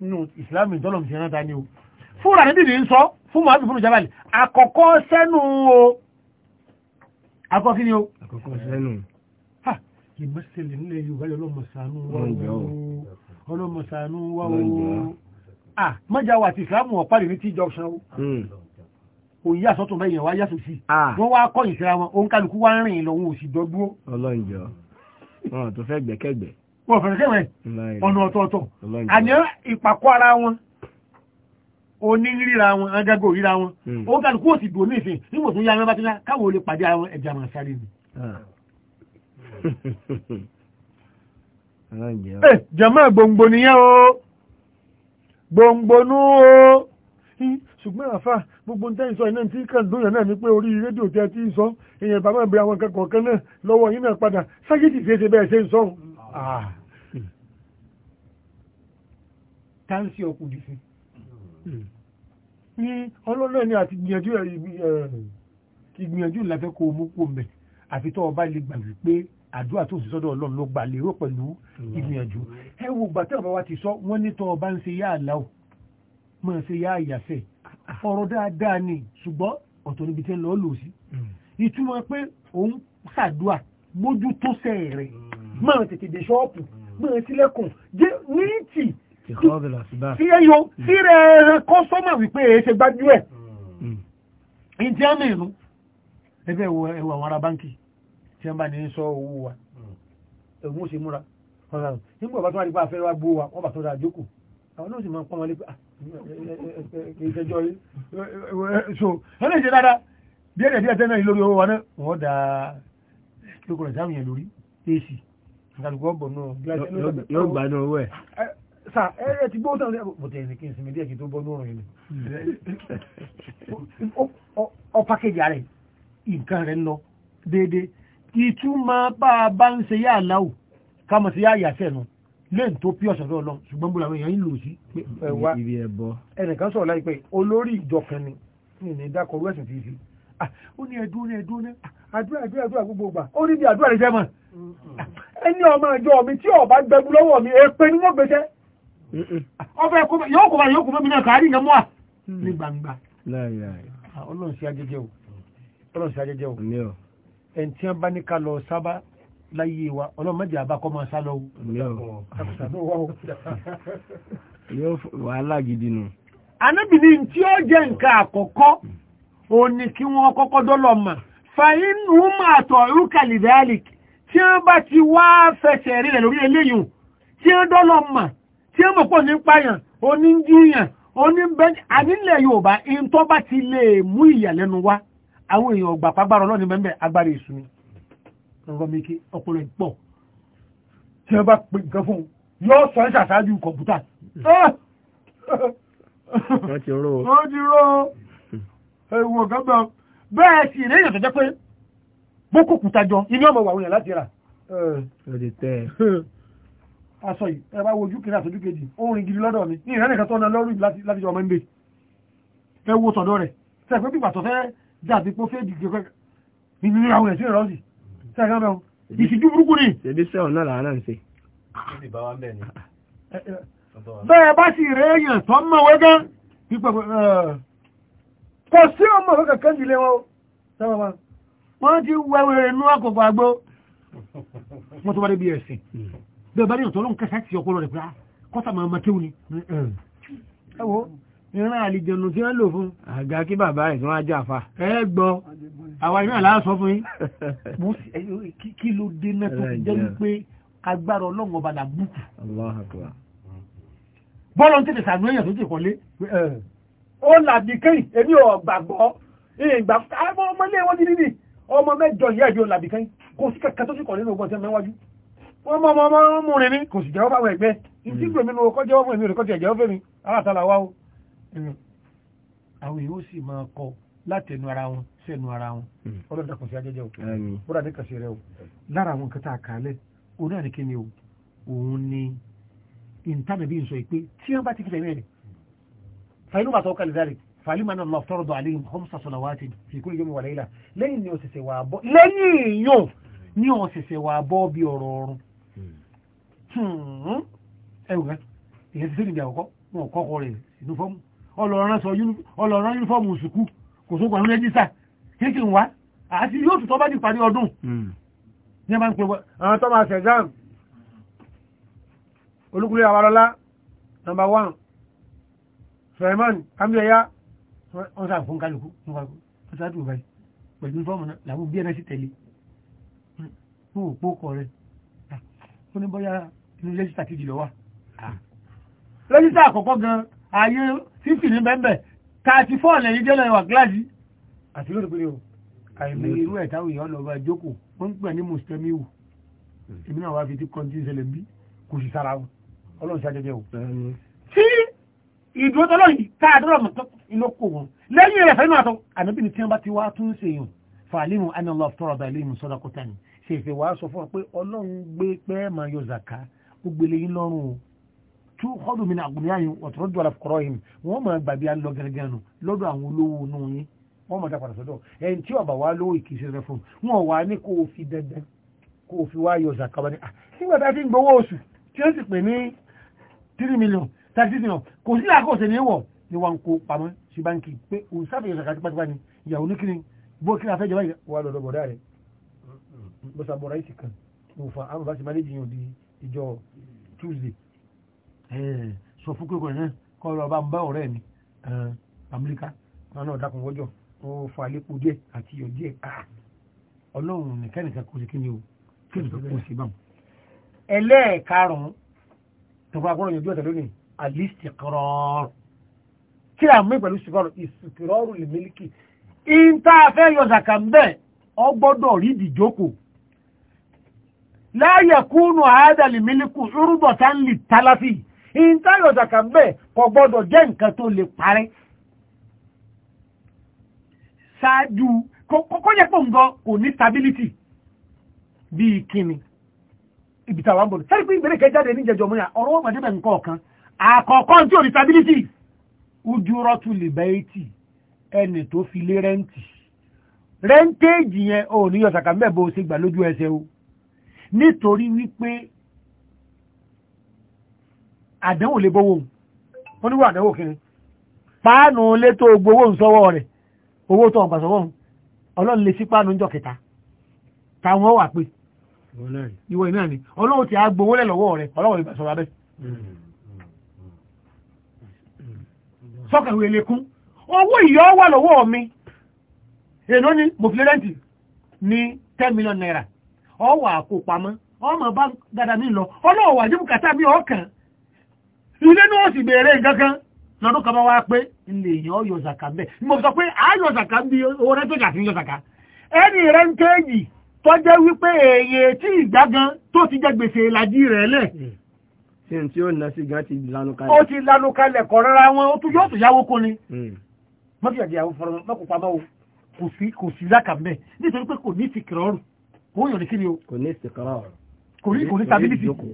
nínú ìsìlámù ìtọ́lọ̀mù ti rántá ìmọ̀sẹ̀lẹ̀ nílẹ̀ yorùbá yọ lọ́mọ̀sánú wá o ọlọ́mọ̀sánú wá o à mọ́jà wà ti ìsìlámù ọ̀párí ní tíjọ ṣan o ò yí àsọ́tún bẹ́yẹn wá yàtọ̀ sí wọ́n wá kọ́ ìsira wọn òun kálukú wá rìn lọ́wọ́ òsì dọ́gbó. ọlọ́njọ́ wọn tó fẹ́ gbẹ́kẹ́gbẹ́. wọn fẹ́rẹ̀ kẹ́wẹ́ ọ̀nà ọ̀tọ̀ọ̀tọ̀ àní ìpàkọ́ ara wọn oníríra wọn agágó ríra wọn hmm. òun kálukú òsì dùn ní ìsìn nígbà tó Eh, jama gbòǹgbò nìyẹn o gbòǹgbò nú o ṣùgbọ́n àfà gbogbo ní tẹ́yìn sọ iná tí kàn lóyún náà ní pé orí rédíò tí a ti ń sọ èèyàn bàbá ìbí àwọn nǹkan kọ̀ọ̀kan náà lọ́wọ́ yín náà padà ságìtì fi ṣe bẹ́ẹ̀ ṣe ń sọ́hùn. Ah. táǹsì ọkùn jù sí. ní ọlọ́lọ́ ni hmm. àti gbìyànjú ìgbìyànjú eh, eh, ìlàfẹ́ kò mú kó mẹ́ àfi tó ọba lè gbà wípé àdúrà tó sì sọ́dọ̀ ọlọ́run ló gbà lérò pẹ̀lú ìgbìyànjú ẹ wo gbà tẹ́ ọ̀bá wa ti sọ wọ́n ní tọ́ ọba ń ṣe yá àláwò máa ṣe yá àyàfẹ́ ọ̀rọ̀ dáadáa ni ṣùgbọ́n ọ̀tọ̀ níbi tẹ́ ń lọ lò sí hmm. ìtumọ̀ pé òun ṣàdúà mójú tó sẹ̀ rẹ̀ hmm. máa tètè dé ṣọ́ọ̀pù hmm. máa sílẹ̀kùn jẹ́ níìtì sí ẹyọ sí rẹ̀ ẹran kọ́sọ́mà wípé èé ṣe gbájú ẹ̀ ìdí àmì ìrún ẹgbẹ́ ẹwà àwọn ará báńkì tí wọ́n bá ní sọ owó wa hmm. ẹ̀wọ̀n ó sì múra nígbà bá tó wá di pa afẹ́ wa gbó wa wọ́n bá tó dáa jókòó àwọn náà sì máa pọ́n wọn lé pé kì í ṣẹjọ́ yìí da lókùnrin sáàmù yẹn lórí ac kàlùkù ọ̀bọ̀ náà yóò ìtumọ̀ bá a bá ń ṣe yá àláwò kámọ̀ sí yá àyàfẹ́ nu lẹ́yìn tó pí ọ̀sán lọ́lọ́ ṣùgbọ́n bó làwọn èèyàn ń lò sí. ẹwà ẹnìkan sọ̀rọ̀ láìpẹ́ olórí ìjọ kan ni ní dákọ̀ọ́rọ́ ẹ̀sìn ti fi ah, ó ní ẹdún ní ẹdún ní àdúrà àdúrà àdúrà gbogbo gbà ó ní bí àdúrà rẹ̀ jẹ́ mọ̀ ah, ẹni ọmọ ìjọ mi tí ọba gbẹgbú lọ́wọ́ mi èpè ni wọ́n gbẹṣẹ́ ọbẹ̀ yóò kó bá yóò kó bá mi náà kárí ìyẹn mú wa ní gbangba ah, ọlọ́run sí ajẹjẹ o ọlọ́run sí ajẹjẹ o ẹni tí wọ́n bá ní ká lọ sábà láyé wa ọlọ́mọdé àbákọ́ máa sá lọ́wọ́. yóò wàhálà gidi nù. anábìnrin tí ó jẹ́ nǹkan àkọ́kọ́ ó ní kí wọ́n kọ́kọ́ dọ́lọ́ mà fàínú máa tọ̀ orúkà lìdáàlìkì tí wọ́n bá ti wá fẹsẹ̀ rí rẹ̀ lórí eléyìí tí wọ́n dọ́lọ́ mà tí wọ́n mọ̀ pọ̀ ní pààyàn oníjìyàn oníbẹ́ni ànílẹ̀ Yorùbá ìntọ́ bá ti lè mú ìyàlẹ́nu wá àwọn èèyàn ọgbà pàgbàrọ̀ lọ́ni mẹ́mẹ́ agbára èṣù ni ọ̀rọ̀ mi kí ọpọlọ ìpọ̀ tí wọ́n bá pè nǹkan fún yóò sọ ẹ́ ṣàṣáájú kọ̀ǹpútà. Ah! wọ́n ti ró wọ́n ti ró ewu ọ̀gá bá bẹ́ẹ̀ sì rí èèyàn tó jẹ́ pé bókò kúta jọ ilé ọmọ wàwùyàn láti rà. aṣọ yìí ẹ bá wojú kiri àtọ́jú kejì ó rìn gidi lọ́dọ̀ mi ní ìrẹ́nìkan tó ń lọ́rùn láti jọ ọmọ ń bè ẹ wo sọ̀dọ̀ rẹ̀ sẹ́ẹ̀ pé bí ìgbà tó fẹ́ dàbí pé ó fẹ́ dìde pẹ́ ìlú àwọn ẹ̀sìn ìrọ́sì sẹ́yìn náà ìṣíjú burúkú ni. ṣèbí sẹ́wọ̀n náà làwọn náà ń ṣe. bẹ́ẹ̀ bá sì rẹ̀ èèyàn tó mọ̀ wẹ́gán pípẹ́ kò sí ọmọ òwe kankan nílé wọn sábà máa wọ́n ti wẹ́wẹ́ rẹ̀ nú àkókò àgbo wọ́n tó bá dé bí ẹ̀sìn bẹ́ẹ̀ bá ní ọ̀tọ́ ló ń kẹsàn-án ti ọpọlọ rẹ̀ pé ah, kọ́sà máa ma ìran àlìjẹnu tí wọ́n lò fún àga kí bàbá ẹ̀ tí wọ́n ajá fa ẹ gbọ́ àwa ìrìn àlá sọ fún yín. kí ló dé náà tó fi jẹ́ wípé agbára ọlọ́run ọba là bùkù. bọ́ọ̀lù ń tètè sàánú èèyàn tó ti kọ́lé. ó làbí kẹ́yìn èmi ò gbàgbọ́ ìgbà ọmọ ilé wọn ti níbi ọmọ mẹ́jọ ìyá ìbí ò làbí kẹ́yìn kò sí kẹ́kẹ́ tó ti kọ́lé lóògùn ọ̀sẹ̀ mẹ́wájú. wọ́n mọ ọmọ ọmọ múrin ní kò sì jẹ́wọ́ fáwọn ẹgbẹ́ ìdígbò mi ni kọ́ jẹ́wọ́ fún èmi rẹ̀ kọ́ o. Mm. àwọn èèyàn ó sì máa kọ látẹnu ara wọn sẹ́nu ara wọn mm. ọlọ́dà sí ajẹ́jẹ́ o búra ní kàṣẹ rẹ o lára àwọn nǹkan tá a kàálẹ̀ òun náà ní kí ni o òun ni ìntànà bí n sọ pé tí wọ́n bá ti kíkẹ́ mẹ́rin fàyínú bàtà ọkọ̀ lẹ́dàrí fàlímà náà lọ tọrọ dọ̀ àlẹ́yìn khamsa salawati fi kulli yawmi wa layla lẹ́yìn ni ọ̀sẹ̀sẹ̀ wà bọ́ lẹ́yìn yóò ní ọ̀sẹ̀sẹ̀ wà bọ́ bí ọ̀rọ̀ ọ̀run mm. hmm. ẹ̀wùn kan ìyẹn ti sẹ́ni ìgbà àkọ́kọ́ wọn kọ́kọ́ rẹ̀ inú fọ́ọ̀mù ọlọ́rán yúnífọ́ọ̀mù sùkú kò sókò àwọn rẹ́jísà kíkì ń wá àti yóò tún tọ́bá di parí ọdún hmm. ní ẹbá ń pè wọ́n àwọn tọ́mà sẹ̀záàm olúkulé àwárọlá nọmbà 1 Suleiman amíyẹyá wọ́n sáà fún kálukú wọ́n sáà dùn báyìí pẹ̀lú fọ́ọ̀mù náà làwọn bí ẹ̀rẹ́ sí tẹ̀lé fún òpó kọ rẹ̀ ó ní bọ́yá inú rẹ́jísà kejì lọ wà ah. rẹ́jísà àkọ́kọ́ gan ayé fífì ní bẹ́ẹ̀ tààtì fọ́ọ̀ lẹ́yìn jẹ́lẹ̀ wà gíláàsì àti lórí pé o àìmọ̀ irú ẹ̀ táwọn èèyàn lọ bá jókòó wọ́n ń pè ní mùsùlùmí wù hmm. èmi náà wàá fi ti kọ́ńtì ìṣẹ̀lẹ̀ bí kò sì sára ọlọ́run ṣe àjẹjẹ o. Hmm. tí ìdúró tọ́lọ́ yìí tá a dọ́rọ̀ mọ̀tọ́ kò wọ́n lẹ́yìn rẹ̀ fẹ́ẹ́ máa tọ́ ànábì ni tí wọ́n bá ti wá tún ṣe yàn fàálímù anáàlọ́ tọrọ bá iléyìn sọ́dọ̀ kọ́tà ni ṣèṣe wàá sọ fún ọ pé ọlọ́run gbé pẹ́ẹ́ máa yọ tó kọ́dù mi ní àgbòmíyàn ọ̀tọ̀rọ̀ dùn àlàfọ̀kọ́rọ̀ yìí wọ́n máa gbàgbé àlọ́ gẹ́gẹ́ nù lọ́dọ̀ àwọn olówó inú yín wọ́n máa dápadà sọ́dọ̀ ẹni tí ọba wa lówó ìkìsí rẹ fún wọn wà ní kó o fi dandan kó o fi wá yọ zakaba ní. Ah, nígbà tá a ti ń gbowó oṣù tí ó sì pè ní three million thirty million kò sí àkóso ní wọ̀ ni wọ́n kó pamọ́ sí báńkì pé òun sábẹ̀yọ zakati pátápátá ni ìyàwó sọ fún kíkọ yẹn kọ́ ọ bá ń bá ọ̀rẹ́ mi amíríkà náà náà dákun wọ́jọ́ ó fa àlékún díẹ̀ àti iyọ̀ díẹ̀ ká ọlọ́run nìkẹ́nìkan kò sí kí ni o kí ni kò sí báwọn. ẹlẹ́ẹ̀karùn-ún tọ́kọ agbọ́n yẹn bí ọ̀tẹ̀ lónìí alistiqrar kí a mú pẹ̀lú sìkọ́rọ̀ ìsìkìrọ́rù lè mílíkì ìta fẹ́ yọ zàkà ń bẹ̀ ọ gbọ́dọ̀ rí ìdìjókòó láyẹ̀kúnù àádà lè mílíkù rúbọ̀tán lè tálàfíì ìntayọ̀ zaka bẹ́ẹ̀ kò gbọ́dọ̀ jẹ́ nǹkan tó lè parẹ́ ṣáájú kó jẹ́ pò ń gan kò ní stability bíi kíni ibi tàwa ń bọ̀ sẹ́rí pé ìbẹ̀rẹ̀ kẹjáde ní jẹjọ mọ́ra ọ̀rọ̀ wọn màdébẹ̀ nǹkan ọ̀kan àkọ́kọ́ tí ò ní stability ojú rọ́tù lè bẹ́ẹ̀ tì ẹni tó fi lé rẹ́ǹtì rẹ́ǹtéèjì yẹn ò ní yọ zaka mẹ́bọ̀ ó ṣe gbà lójú ẹsẹ̀ o nítorí wípé àdánwò lè ọ wọn níwọ̀ àdánwò kiri páànù létò gbowó sọ́wọ́ rẹ̀ owó tó ọ̀gbà sọ́wọ́ ọlọ́run lè sí páànù jọ kẹta táwọn wà pé ìwọ iná ni ọlọ́run ti agbowó lẹ̀ lọ́wọ́ rẹ̀ ọlọ́run lè sọ̀rọ̀ abẹ́ lékún owó ìyọ́ wà lọ́wọ́ mi ní ten million naira àkópamọ́ ọmọ bá mi lọ wà bùkátà ilé ní wọ́n sì bèèrè nǹkankan lọ́dún kan bá wá pé ilé èèyàn yọ zaka bẹ́ẹ̀ ni mo sọ pé a yọ zaka bí owó rẹ́tọ́jà sí yọ zaka ẹni rẹ̀ ń kéèjì tó jẹ́ wípé èyè tí ìgbà gan tó ti jẹ́ gbèsè ìlàjì rẹ̀ lẹ̀ hmm. ṣe tí ó nà sí gan ti lanu kalẹ̀ ó ti lanu kalẹ̀ kọ̀ rárá wọn ó tún yóò tún yáwó hmm. kó ni mọ́kìyàdìyàwó fọ́nrán mọ́kùpá báwo kò sí zaka bẹ́ẹ̀ nítorí pé kò ní ìsìkìrọ̀rù kò ní kí o kò ní ìsìkìrọ̀rù kò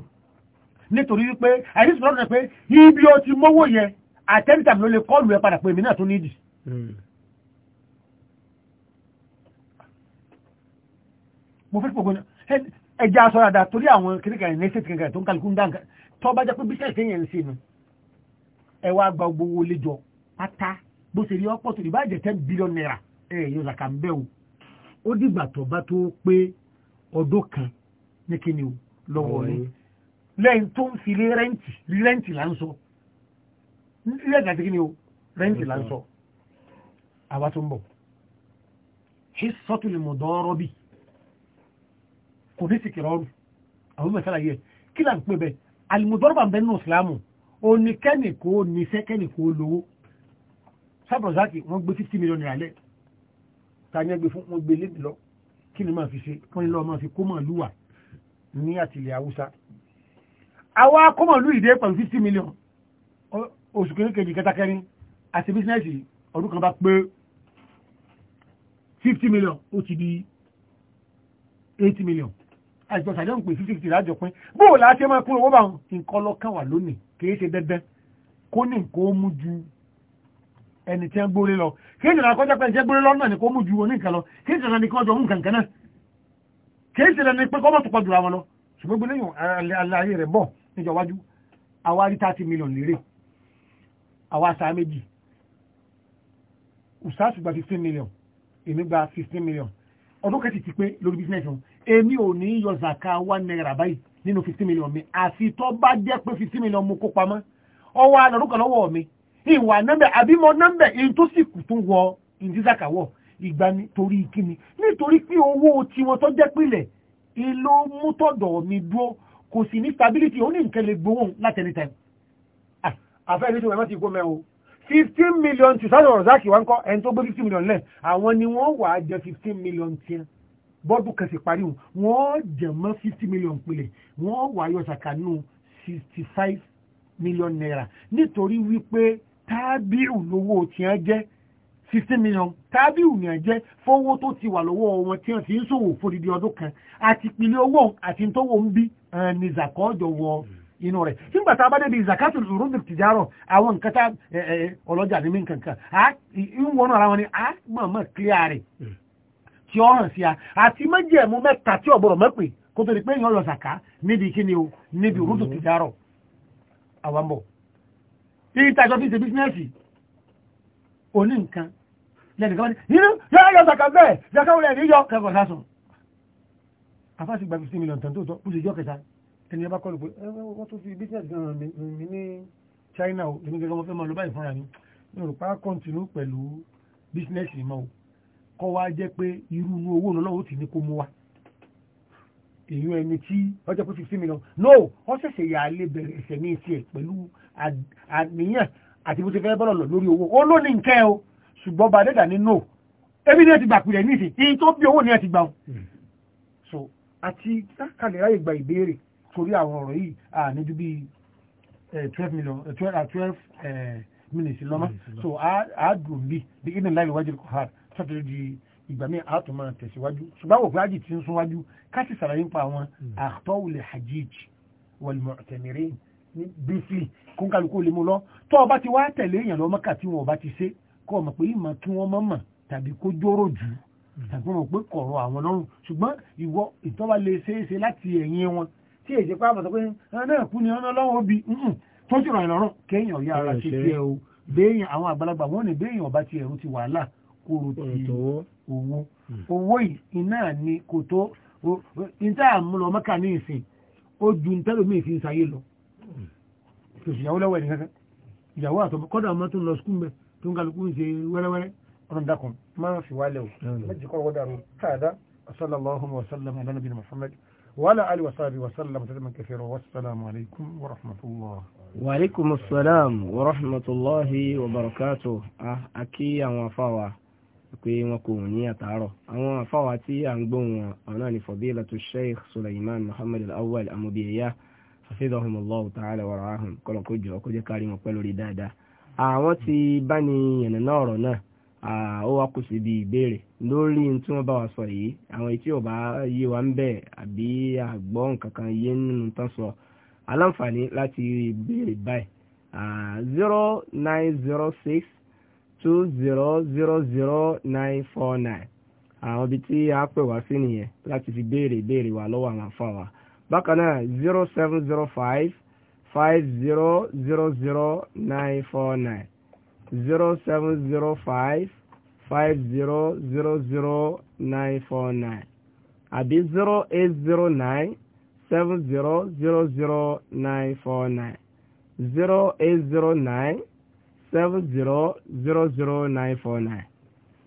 nítorí wípé àìsí lọ́dún pé ibi ó ti mówó yẹ àtẹ́ntà ló lè kọlù ẹ padà pé èmi náà tó nídìí mo fẹ́ pògbóná ẹja aṣọ àdá torí àwọn kìrìkà ẹ̀ nẹ́sẹ̀ kìrìkà tó ń kálukú ń dáǹkà tó bá jẹ́ pé bíṣẹ́ ìṣẹ́yìn ń ṣe nu ẹ wá gba gbogbo owó léjọ pátá bó ṣe rí ọ̀pọ̀ tó ìbá ten billion naira ẹ̀ yóò zàkà ń bẹ́ o ó dìgbà tó bá tó pé ọdún kan ní kíni lọ́wọ́ rẹ̀ lẹ́yìn tó ń fi lé rẹ́ǹtì rẹ́ǹtì là ń sọ ilé ẹ̀dá tí ni o rẹ́ǹtì là ń sọ àwa tó ń bọ̀ hissatuli mudarabi kò ní sìkìrọ́rù àwọn mẹ́sàlá yẹ kí là ń pè bẹ́ẹ̀ alimudọ́rọ̀bà ń bẹ nínú ìsìlámù oníkẹ́nì kò níṣẹ́ kẹ́nì kò lówó sábọ̀záàkì wọ́n gbé fifty million naira lẹ̀ tani ẹgbẹ́ fún wọn gbé lébìlọ́ kí ni máa fi ṣe wọ́n ní ní àtìlẹ̀ haúsá àwọn akọ́mọ̀lú ìdè pẹ̀lú 50 million oṣù kékeré kẹtàkẹrin àti bísínẹ́sì ọdún kan bá pé 50 million ó ti di 80 million àìsàn sàdé ń pè 50 lájọ pín bóò láti máa kún owó bá wọn nǹkan lọ́kàn wà lónìí kìí ṣe dandan kó ní nǹkan ó mú ju ẹni tí ń gbóre lọ kìí ṣe àkọjá pé ẹni tí ń gbóre lọ́nà ni kó mú ju oníkan lọ kìí ṣe àkọjá kọjọ mú nǹkan kan náà kìí ṣe àkọjá pé kọ́mọ̀tò pọ̀ jù àwọn lọ ṣùgbọ́n gbé lẹ́yìn alẹ́ ayé rẹ̀ bọ̀ níjọ wájú àwa rí thirty million lérè àwa sáà méjì usas gba fifteen million èmi gba fifteen million ọdún kẹsì ti pé lórí business wọn èmi ò ní yọ zaka one naira báyìí nínú fifteen million mi àfi tó bá jẹ́ pé fifteen million mo kó pamọ́ ọwọ́ alọ́dún kan lọ́wọ́ mi ìwà nọ́mbẹ̀ àbímọ nọ́mbẹ̀ èyí tó sì kù tó wọ ìdí zaka wọ̀ ìgbà ni torí kíni nítorí pé owó tiwọn tó jẹ́ pìlẹ̀ ìlú mútọ̀dọ̀ mi dúró kò sì ní stability ó ní nǹkan lè gbowó láti ah, ẹni time àfẹ́ ìlú tí wọ́n ti kó mẹ́wọ́ fifteen million tí sáré ọ̀rọ̀ záàkì wọn kọ́ ẹni tó gbé fifteen million lẹ̀ àwọn ni wọ́n wà á jẹ fifteen million tiẹ̀ bọ́ọ̀dù kẹsì parí wọ́n jẹ mọ́ fifty million pilẹ̀ wọ́n wà á yọ sàkánú sixty five million naira nítorí wípé tábìrù lówó tiẹ̀ jẹ́ fifteen million tàbí ìwòyàn jẹ́ fowó tó ti wà lọ́wọ́ wọn tí wọ́n ti ń ṣòwò fòdìdí ọdún kan àti ìpìlẹ̀ owó àti tówó ń bí ní ìzàkọ́ ọjọ́ wọ inú rẹ̀ nígbà tá a bá débi ìzàkátù rúbì tìjárọ̀ àwọn nǹkan tá ọlọ́jà ní mí nǹkan kan ń wọnú ara wọn ni a mọ̀ọ́mọ̀ kílíà rẹ̀ tí ó hàn sí a àti májẹ̀mú mẹ́ta tí ọ̀gbọ̀rọ̀ mẹ́pẹ́ kó tó di pé èèyàn lọ sàká níbi kíni o níbi rúbì tìjárọ̀ àwọn bọ̀. ìtajọ́ fi ṣe bísínẹ́sì oní nǹkan lẹ́nìkan ní nínú yóò yọ zaka bẹ́ẹ̀ zaka wọlé ẹ̀rí yọ kẹfọ́ sásọ. afáàsì gba fifteen million tán tó tọ́ bó ṣe jọ kẹta ẹni ẹ bá kọ́ lù pé wọ́n tún fi business gan mi ní China o èmi gẹ́gẹ́ wọn fẹ́ máa lọ báyìí fúnra mi mi ò rò pa continue pẹ̀lú business mọ́ o kọ́ wa jẹ́ pé irú owó lọ́wọ́ ti ní kó mú wa èyí ẹni tí ọjọ́ pé fifteen million no wọ́n ṣẹ̀ṣẹ̀ yà á lé bẹ̀rẹ̀ ẹ̀sẹ̀ ní tiẹ̀ pẹ̀lú àníyàn àti bó ṣe fẹ́ bọ́lọ̀ lórí owó ó ló nkẹ́ o ṣùgbọ́n bá dẹ́dà ní no ebi ní ẹ ti gbà pìlẹ̀ ní ìsìn tí tó bí owó ní ẹ ti gbà wọn. Hmm. so àti kákàlẹ̀ ráyè gba ìbéèrè torí àwọn ọ̀rọ̀ yìí à níjú bíi eh, twelve million eh, twelve eh, minutes lọ́mọ́ so a dùn bí bí ibi ńlá ìwájú kò hard sọ́tẹ̀lẹ̀ di ìgbà míì a tún máa tẹ̀síwájú ṣùgbọ́n òkú ajì ti ń súnwájú ká sì sàlàyé nípa àwọn àtọ́wùlẹ̀ hmm. Hajj, wal-mu'tamirin briefly kó ń kálukú lè mú lọ tó o bá ti wá tẹ̀lé èèyàn lọ Mẹ́kà tí wọn ò bá ti ṣe kọ́ ọmọ pé ìmọ̀ kí wọ́n mọ̀ mọ̀ tàbí kó jóró jù tàbí wọn pé kọ̀rọ̀ àwọn lọ́rùn ṣùgbọ́n ìwọ ìtọ́wà lè ṣeéṣe láti ẹ̀yìn wọn tí èyí pa àmọ̀ sọ pé náà kú ni ọ̀nà lọ́wọ́ obì tó sì ràn lọ́rùn kéèyàn ọ̀yà ara ṣe tiẹ̀ o béèyàn àwọn àgbàlagbà wọn ni béèyàn ọba ti ẹ̀rù ti wàhálà kóró ti owó hmm. owó iná ni kò tó níta àmúlò mọ́kà ní ìsìn ó ju ntẹ́lómìn fi ń lọ tòṣìyàwó hmm. lọ́wọ́ tó ń kálukú ń ṣe wẹ́rẹ́wẹ́rẹ́ ọ̀nà dákun máa fi wálẹ̀ o méjì kọ́ wọ́n dàrú káàdá sallallahu wa sallam ala nabiyina muhammad wa ala alihi wa sahbihi wa sallam taslima kathira wa assalamu alaikum wa rahmatullah wa alaikum assalam wa rahmatullahi wa barakatuh ah aki àwọn afáwa pé wọn kò ní àtàárọ̀ àwọn afáwa tí à ń gbóhùn wọn ọ̀nà ní fadilatu sheikh suleiman muhammad al-awwal amubiyya ta'ala wa ra'ahum kọlọ̀kọ́jọ́ kó kárí wọn pẹ́ lórí dáadáa àwọn ti bá ní ìyànnà ọ̀rọ̀ náà ó wá kù síbi ìbéèrè lórí tí wọ́n bá wa sọ yìí àwọn etí ò bá yé wa ń bẹ̀ àbí àgbọ̀ nǹkan kan yé nínú tán sọ aláǹfààní láti báyìí zero nine zero six two zero zero zero nine four nine àwọn ibi tí a pè wá sí nìyẹn láti fi béèrè ìbéèrè wa lọ́wọ́ àwọn wa bákan náà zero seven zero five. five zero zero zero nine four nine zero seven zero five five zero zero zero nine four nine àbí zero eight zero nine seven zero zero zero nine four nine zero eight zero nine seven zero zero zero nine four nine.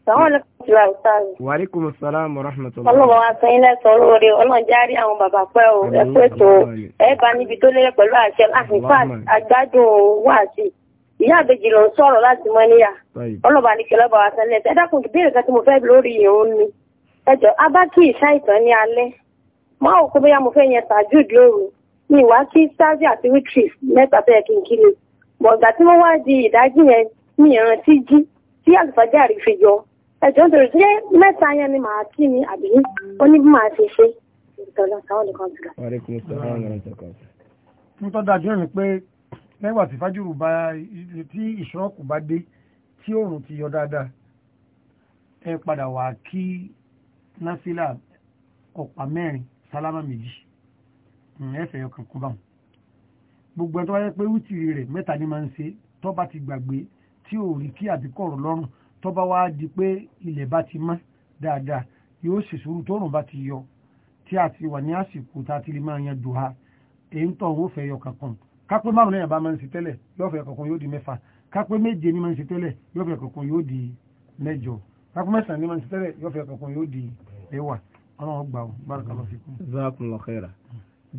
Wàríkùmù sàlámù rahmatullahi. Ọlọ́run wa sọ ilẹ̀ sọ lóore, ọlọ́run járí àwọn bàbá pẹ́ o, ẹ pé tó níbi tó lérè pẹ̀lú àṣẹ láti ah, fà àgbádùn wà sí. Ìyá àbèjì ló ń sọ̀rọ̀ láti mọ́ níyà. Ọlọ́ba ní lọ́ba wa sọ ilẹ̀ ẹ dákun ìbéèrè kan tí mo fẹ́ lórí ìhun ni. Ẹ jọ abá kí ìṣá ní alẹ́. Mọ́ àwọn kó bóyá mo fẹ́ yẹn tajud lóru ẹ̀jọ́ bèrè ṣé mẹ́ta yẹn ni màá kí ni àbí ó ní bí màá ṣe ṣe ìtọ́lọ́ sáwọn nìkan ti gbà. mo tọ́ dájú rìn pé lẹ́wà tí fájúrù bá tí ìṣọ́ọ̀kù bá dé tí oòrùn ti yọ dáadáa ẹ padà wá kí násílà ọ̀pá mẹ́rin sálámà méjì ẹ̀fẹ̀ ọkàn kún báwọn gbogbo ẹ̀ tó wáyé pé wítìrì rẹ̀ mẹ́ta ni máa ń ṣe tó bá ti gbàgbé tí ò rí kí àbíkọ̀rọ̀ lọ́rùn tó bá wá di pé ilẹ̀ bá ti mọ́ dáadáa yóò sì sùúrù tóòrùn bá ti yọ tí a ti wà ní àsìkò tá a ti lè máa yan dùhà èyí ń tọ̀ òun ó fẹ́ yọ kankan kápẹ́ márùn-ún lẹ́yìn bá máa ń ṣe tẹ́lẹ̀ yóò fẹ́ kankan yóò di mẹ́fà kápẹ́ méje ni máa ń ṣe tẹ́lẹ̀ yóò fẹ́ kankan yóò di mẹ́jọ kápẹ́ mẹ́sàn-án ni máa ń ṣe tẹ́lẹ̀ yóò fẹ́ kankan yóò di ẹ̀wà ọlọ́run gbà ó barakallahu fikum. jazakumullahu khaira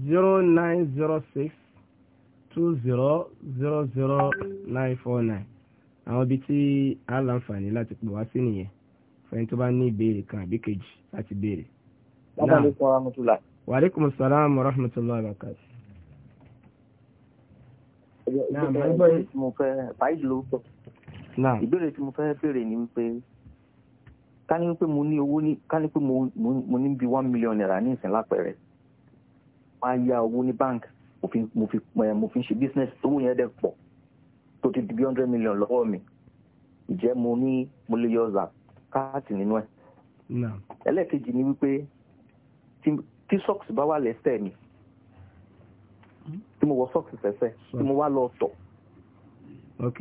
zero nine zero six two zero zero zero nine four nine àwọn ibi tí a láǹfààní láti pè wá sí nìyẹn fẹ́ni tó bá ní ìbéèrè kan àbí kejì láti béèrè. wa alaikum salaam wa rahmatullahi wa barakatuh. ìbéèrè tí mo fẹ́ báyìí ló sọ. ìbéèrè tí mo fẹ́ béèrè ni pé ká ní pé mo ní owó ní ká ní pé mo ní bíi one million naira ní ìsìn lápẹ̀rẹ̀ máa ya owó ní bank mo fi mo fi mo ṣe business owó yẹn dẹ̀ pọ̀ tó ti di bí hundred million lọ́wọ́ mi ìjẹ́ mo ní mo lè yọ zakat nínú ẹ̀. ẹlẹ́ẹ̀kejì ni wípé tí socks bá wà lẹ́sẹ̀ mi tí mo wọ socks fẹ́fẹ́ tí mo wá lọ tọ̀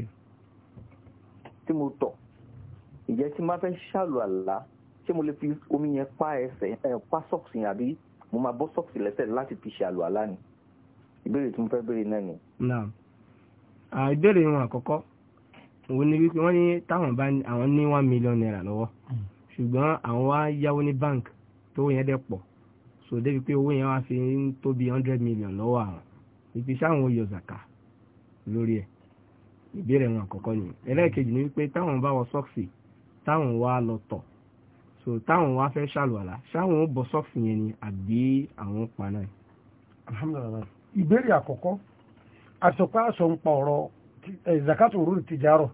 tí mo tọ̀ ìjẹ́ tí má fẹ́ ṣàlù àlá ṣé mo lè fi omi yẹn pa ẹsẹ̀ pa socks yẹn àbí mo máa bọ́ socks lẹ́sẹ̀ láti fi ṣàlù àlá ni ìbéèrè tí mo fẹ́ béèrè náà ni ìbéèrè wọn àkọ́kọ́ òun ni wípé wọ́n ní táwọn bá àwọn ní one million naira lọ́wọ́ hmm. ṣùgbọ́n àwọn wá yáwó ní bank tó yẹn dẹ̀ pọ̀ so débi pé owó yẹn wá fi ń tó bí hundred million lọ́wọ́ àwọn ìpè sáwọn oyè ọ̀zàkà lórí ẹ̀ ìbéèrè wọn àkọ́kọ́ ni hmm. ẹlẹ́ẹ̀kejì ni wípé táwọn bá wọ sọ́ọ̀sì táwọn wá lọ tọ̀ so táwọn wá fẹ́ ṣàlùwàlà ṣáwọn ó bọ sọ́ọ̀sì yẹn ni àbí àwọn paná ẹ̀. alhamdulilayi ìbéèrè àkọ́kọ́ àsopá àsọ ń pa ọ̀rọ̀ zakato òrùn tìjárọ̀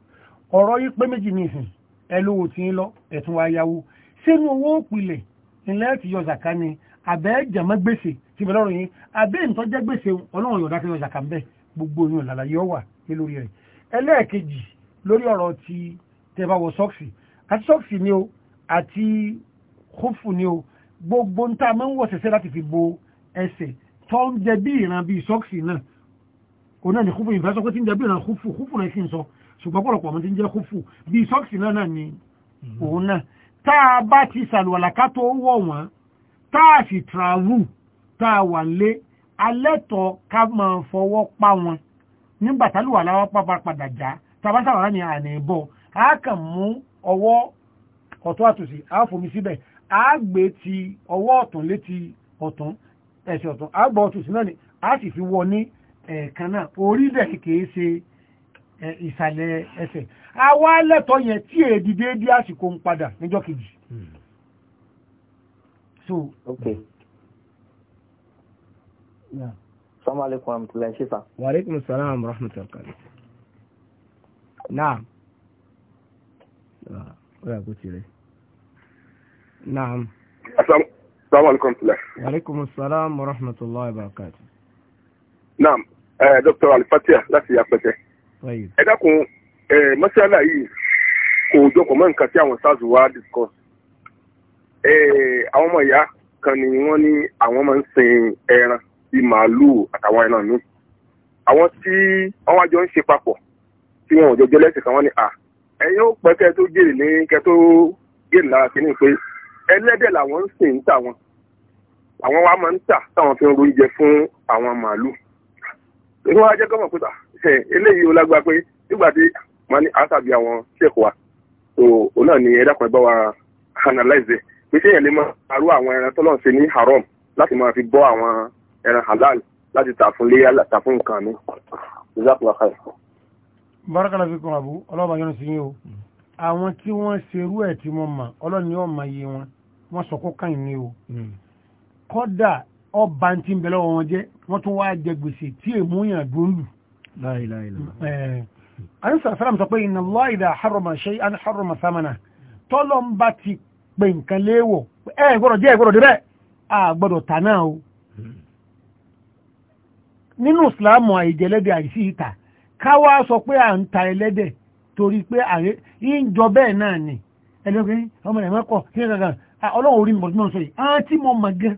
ọ̀rọ̀ yìí pé méjì ní ìsìn ẹlówó tí ń lọ ẹ̀tún wa yáwó sínú owó òpìlẹ̀ ilẹ̀ ti yọ zaka ni àbẹ́ jẹ̀mọ́ gbèsè ti bẹ̀rẹ̀ ọ̀rọ̀ yìí àbẹ́ ìtọ́jẹ́ gbèsè ọlọ́run yọ̀dá kí yọ zaka bẹ́ẹ̀ gbogbo yìí ọ̀làlà yọ wà ní lórí rẹ̀ ẹlẹ́ẹ̀kejì lórí ọ̀rọ̀ ti tẹ́bàwọ sọ́ọ̀sì àti sọ́ọ̀sì ni o àti kófù ni o gbogbo ń tá a ń wọ̀ sẹ́sẹ́ láti fi bo ẹsẹ̀ tó ń jẹ bí ìran bíi sọ́ọ̀sì náà òun ni kúfù ìfẹ́ sọ pé tí ń jẹ́ bí ìran kúfù kúfù náà sì ń sọ ṣùgbọ́n pọ̀lọpọ̀ àwọn tí ń jẹ́ kúfù bíi sọ́ọ̀sì náà náà ni mm-hmm. òun náà tá a bá ti sàlùwàlà ká tó wọ̀ wọ́n tá a sì tìràwù tá a wà lé alẹ́tọ̀ ká máa fọwọ́ pa wọn nígbà tálùwàlà wọn pàpà padà já tàbá sàwárà ni àná ìbọ̀ a kàn mú ọwọ́ ọ̀tún àtòsí a fòmi síbẹ̀ a gbé ti ọwọ́ ọ̀tún létí ọ̀tún ẹ̀sẹ̀ ọ̀tún a gbọ́ ọ̀tún sí náà ni a sì fi wọ ní ẹ̀ẹ̀kan náà orí dẹ̀ kìí ṣe ìsàlẹ̀ ẹsẹ̀ àwa lẹ́tọ̀ yẹn tí èdè déédé àsìkò ń padà níjọ́ kejì hmm. so okay yeah assalamu alaikum warahmatullahi shifa wa alaikum assalam warahmatullahi naam ọ̀rẹ́ àgbótí rẹ̀ naam assalamu alaikum warahmatullahi wa alaikum assalam warahmatullahi wabarakatuh naam ẹ eh, dr alifatia láti apẹtẹ ẹ dákun ẹ eh, mọṣálà yìí kò jọkọ mọ nǹkan tí àwọn sars wá discuss ẹ eh, àwọn ọmọ ìyá kan ni wọn ní àwọn máa ń sin ẹran bíi màálùú àtàwọn ẹran mi àwọn tí wọn àjọ ń ṣe papọ̀ tí wọn ò jọjọ lẹ́sìn kan wọn ni à ẹ̀yin ó pẹ́ kẹ́ tó jèrè ní kẹ́ tó jèrè lára kínní pé ẹlẹ́dẹ̀ làwọn ń sìn ń tà wọn àwọn wa máa ń tà táwọn fi ń ro oúnjẹ fún àwọn màálùú ní wọ́n á jẹ́ kọ́mọ̀ pípa ah, eléyìí ó lágbá pé nígbà tí màá ní àwọn ṣèkù wa so òun náà ni ẹ̀dá kan ẹ̀ bá wa analyze ẹ̀ pé ṣé èèyàn lè máa arú àwọn ẹran tọ́lọ̀ ṣe ní haram láti máa fi bọ́ àwọn ẹran halal láti tà fún léyà tà fún nǹkan mi. bárakàlà fi kún àbú ọlọ́ba yọ̀nà sí yín o hmm. àwọn tí wọ́n ṣerú ẹ̀ tí mo mọ̀ ọlọ́ni ọ̀ máa yé wọn wọ́n sọ kó kàn ní o hmm. kódà ọba tí ń bẹ̀lẹ̀ wọn jẹ́ wọ́n tún wá jẹ gbèsè tí èmú yàn gbóòlù ansa sọ pé iná Allah idha harrama shay'an harrama thamana tọ́lọ́ ń bá ti pè nǹkan léèwọ̀ ẹ gbọ́dọ̀ jẹ́ gbọ́dọ̀ débẹ̀ a gbọ́dọ̀ tà náà o nínú àìjẹlẹ́dẹ̀ àìsí ìta káwá sọ pé à ń ta ẹlẹ́dẹ̀ torí pé bẹ́ẹ̀ náà ni ọmọ kí ni kankan ọlọ́run orí mi bọ̀ tí mo sọ yìí mo mọ̀ gan-an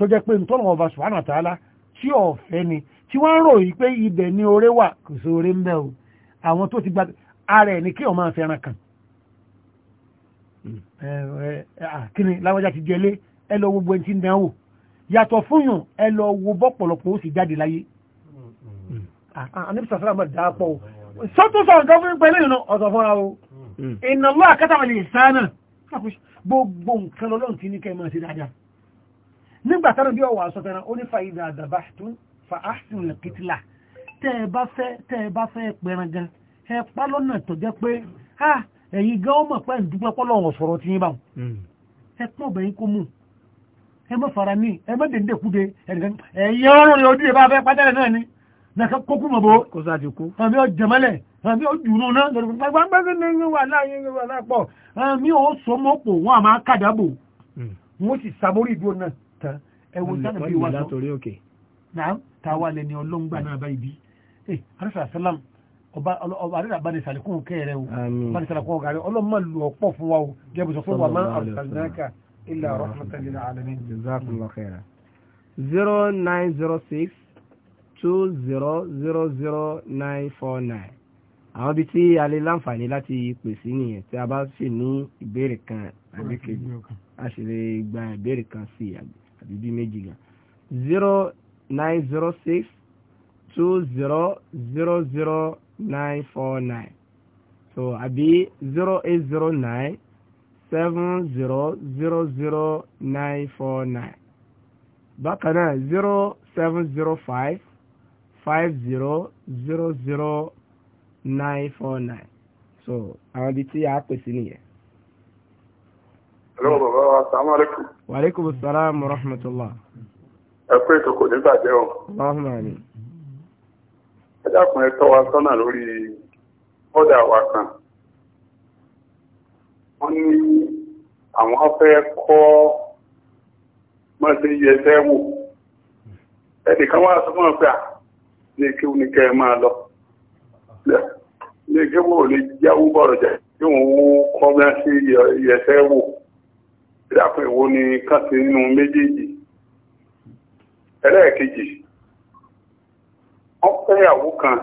tó jẹ́ pé nítorí ọba subhanahu wa ta'ala tí ọ̀fẹ́ ni tí wọ́n ń ròyìn pé ibẹ̀ ni oore wà kò sí oore ń bẹ o àwọn tó ti gba ara ẹ̀ ní kí ọmọ àfẹ́ràn kan kíni láwọ́já ti jẹlé ẹ lọ wo gbẹ̀ntì náà wò yàtọ̀ fún yùn ẹ lọ wo bọ́pọ̀lọpọ̀ ó sì jáde láyé anibisa sara ma da pọ̀ o sọ́tún sọ̀rọ̀ tó fún pẹ̀lú ìrìnà ọ̀sọ̀ fúnra o hmm. inna Allah kataba al-ihsana gbogbo nǹkan lọ́lọ́run ti ní kẹ́ máa ṣe dáadáa nígbà tánà bí ọwà sọ fẹ́ràn ó ní fàyídà àdàbà tún fa áṣìlù ìkìtìlà tẹ́ ẹ bá fẹ́ tẹ́ ẹ bá fẹ́ pẹran gan ẹ pa lọ́nà tó jẹ́ pé ha ẹ̀yin gan ọmọ pẹ́ ń dúpẹ́ pọ́ lọ́wọ́ sọ̀rọ̀ tí yín bá wọn hmm. ẹ pọ́n ọ̀bẹ̀yìn kó mú ẹ mọ́ fara ní ẹ mọ́ dèndé kúde ẹ̀yìn ọrùn rẹ̀ ojú rẹ̀ bá fẹ́ pátẹ́rẹ̀ sì sàmórí ìdúró náà ẹ̀wọ̀n sánà bí wàá sọ náà táwa lè ní ọlọ́ngbà náà báyìí bí ẹ àrísà sálàm ọba àrísà bá ní sàlékún kẹrẹ o bá ní sàlékún ọgá rẹ ọlọ́mọ lu ọ̀pọ̀ fún wa o jẹ́bi sọ fún wa máa àrùsàlẹ́kà ilẹ̀ rahmatan lil alamin. jazakumullahu zero nine zero six two zero zero zero nine four nine àwọn ibi tí a lè láǹfààní láti pè sí nìyẹn tí a bá sì ní ìbéèrè kan àbí kejì a sì lè gba ìbéèrè kan sí àgbẹ̀ àbí bíi méjì gan zero nine zero six two zero zero zero nine four nine so àbí zero eight zero nine seven zero zero zero nine four nine bákan náà zero seven zero five five zero zero zero nine four nine so àwọn ibi tí a pèsè nìyẹn. Hello, bàbá wa, assalamu alaikum. Wa alaikum assalam wa rahmatullah. Ẹ pé ètò kò ní bàjẹ́ o. Allahumma amin. Ẹ dákun ẹ tọ́ wa sọ́nà lórí kan. Wọ́n ní àwọn fẹ́ kọ́ wò. Ẹnìkan wá sọ fún ọ pé lọ. Ní kí lè jáwó bọ̀rọ̀ jẹ́ kí wọ́n ìdàpọ̀ ìwo ni káṣe nínú méjèèjì ẹlẹ́ẹ̀kejì wọ́n fẹ́yàwó kan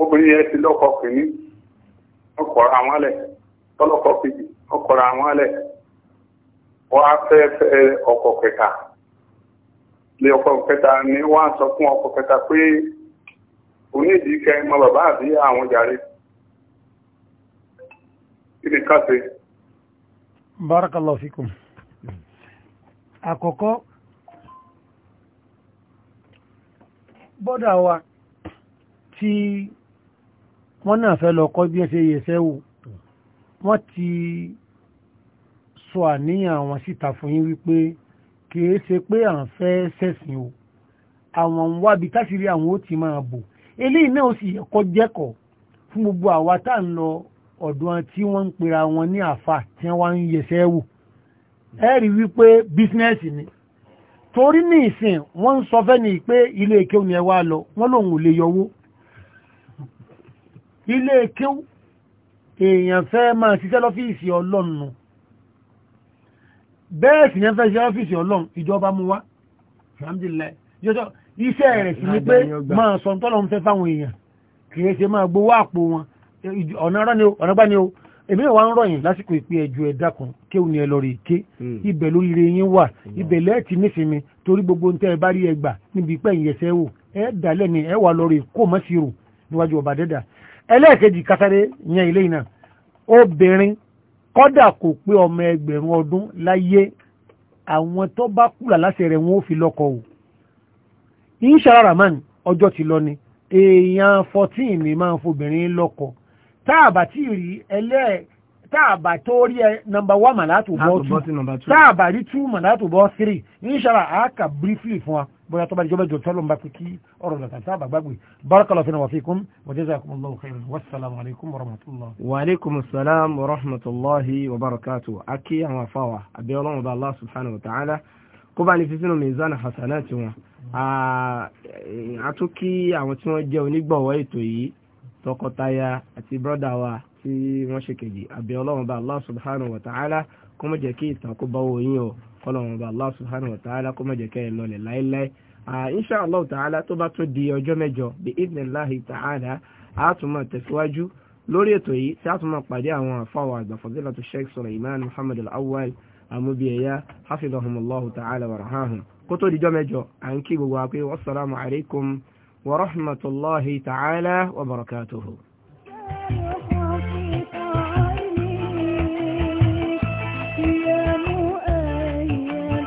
obìnrin yẹn ti lọ́kọ kìíní wọ́n kọ̀ra wọn lẹ̀ tọ́lọ́kọ kejì wọ́n kọ̀ra wọ́n á fẹ́ fẹ́ ọkọ kẹta lé ọkọ kẹta ni wọ́n á sọ fún ọkọ kẹta pé onídìí kẹ́ mọ bàbá àbí àwọn barakallahu fikum àkọ́kọ́ bọ́dà wa tí wọ́n náà fẹ́ lọ kọ́ bí ẹ ṣe yẹ̀ṣẹ́ wò wọ́n ti sọ àníyàn àwọn síta fún yín wípé kìí ṣe pé à ń fẹ́ ṣẹ̀sìn o àwọn ń wábi táṣìírí àwọn ó ti máa bò eléyìí náà ó sì yẹ kọ́ jẹ́kọ̀ọ́ fún gbogbo àwa tá ń lọ ọ̀dọ̀ tí wọ́n ń pera wọn ní àfà tí wọ́n ń yẹsẹ́ wò ẹ wípé bísínẹ́sì ni torí ní ìsìn wọ́n ń sọ fẹ́ ni pé ilé èkéw ni ẹ wá lọ wọ́n lòun ò lè yọwó ilé èkéw èèyàn fẹ́ máa ṣiṣẹ́ lọ́fíìsì ọlọ́run bẹ́ẹ̀ sì yẹn fẹ́ ṣiṣẹ́ lọ́fíìsì ọlọ́run ìjọba mú wá alhamdulillah iṣẹ́ rẹ̀ sì ni pé máa sọ tọ́lọ́run fẹ́ fáwọn èèyàn kì í ṣe máa gbowó àpò wọn ọ̀nà ara ni o ọ̀nà gbá ni o èmi wa ń rọ̀yìn lásìkò ìpín ẹjọ́ ẹ̀dá kan kéwù ni ẹ lọ rí ké hmm. ibẹ̀ lórí ire yín wà hmm. ibẹ̀ lẹ́ẹ̀tì nífìmí torí gbogbo ń ẹ bá rí ẹgbà níbi pẹ́ ìyẹsẹ̀ wò ẹ dàlẹ́ ni ẹ wà lọ rí kó mọ́ sí rù níwájú ọba dẹ́dà ẹlẹ́ẹ̀kejì kásáré yan ilé iná obìnrin kọ́dà kò pé ọmọ ẹgbẹ̀rún ọdún láyé àwọn tó bá kúlà láṣẹ rẹ̀ wọn ò fi lọ́kọ o insha rahman ọjọ́ ti lọ ni èèyàn fourteen ni máa ń fobìnrin lọ́kọ̀ọ́ táàbà tí rí ẹlẹ́ táàbà tó rí ẹ nọmba wá màlátù bọ́ tù táàbà rí tú màlátù bọ́ tírì inṣàlá àákà briefly fún wa bóyá tó bá jọba jọ tọ́lọ́ bá kí ọ̀rọ̀ lọ́ta táàbà gbàgbé barakallahu fina wa fikum wa jazakumullahu khairan wassalamu alaikum wa rahmatullah. wa alaikum salam wa rahmatulahi wa barakatuh akí àwọn afáwà abiyọ́lọ́wọ́n bá allah subhanahu wa ta'ala kó bá ní fífínà mizan hasanati wọn àtúnkí àwọn tí wọ́n jẹ́ onígbọ̀wọ́ ètò yìí tọkọtaya àti brọ́dà wa tí wọ́n ṣe kejì àbí ọlọ́run bá allah subhanahu wa ta'ala kó má jẹ́ kí ìtàn kó bá wọ yín o kọ́lọ́run bá allah subhanahu wa ta'ala kó má jẹ́ kẹ́ ẹ lọlẹ̀ láéláé insha allah ta'ala tó bá tún di ọjọ́ mẹ́jọ bí idnillahi ta'ala a tún máa tẹ̀síwájú lórí ètò yìí tí a tún máa pàdé àwọn àfáwà àgbà fadilatu sheikh suleiman muhammad al-awwal amúbíyẹyà hafidhahumullahu ta'ala wa rahahum kó tó di ọjọ́ mẹ́jọ à ń kí gbogbo wa pé wassalamu alaikum ورحمة الله تعالى وبركاته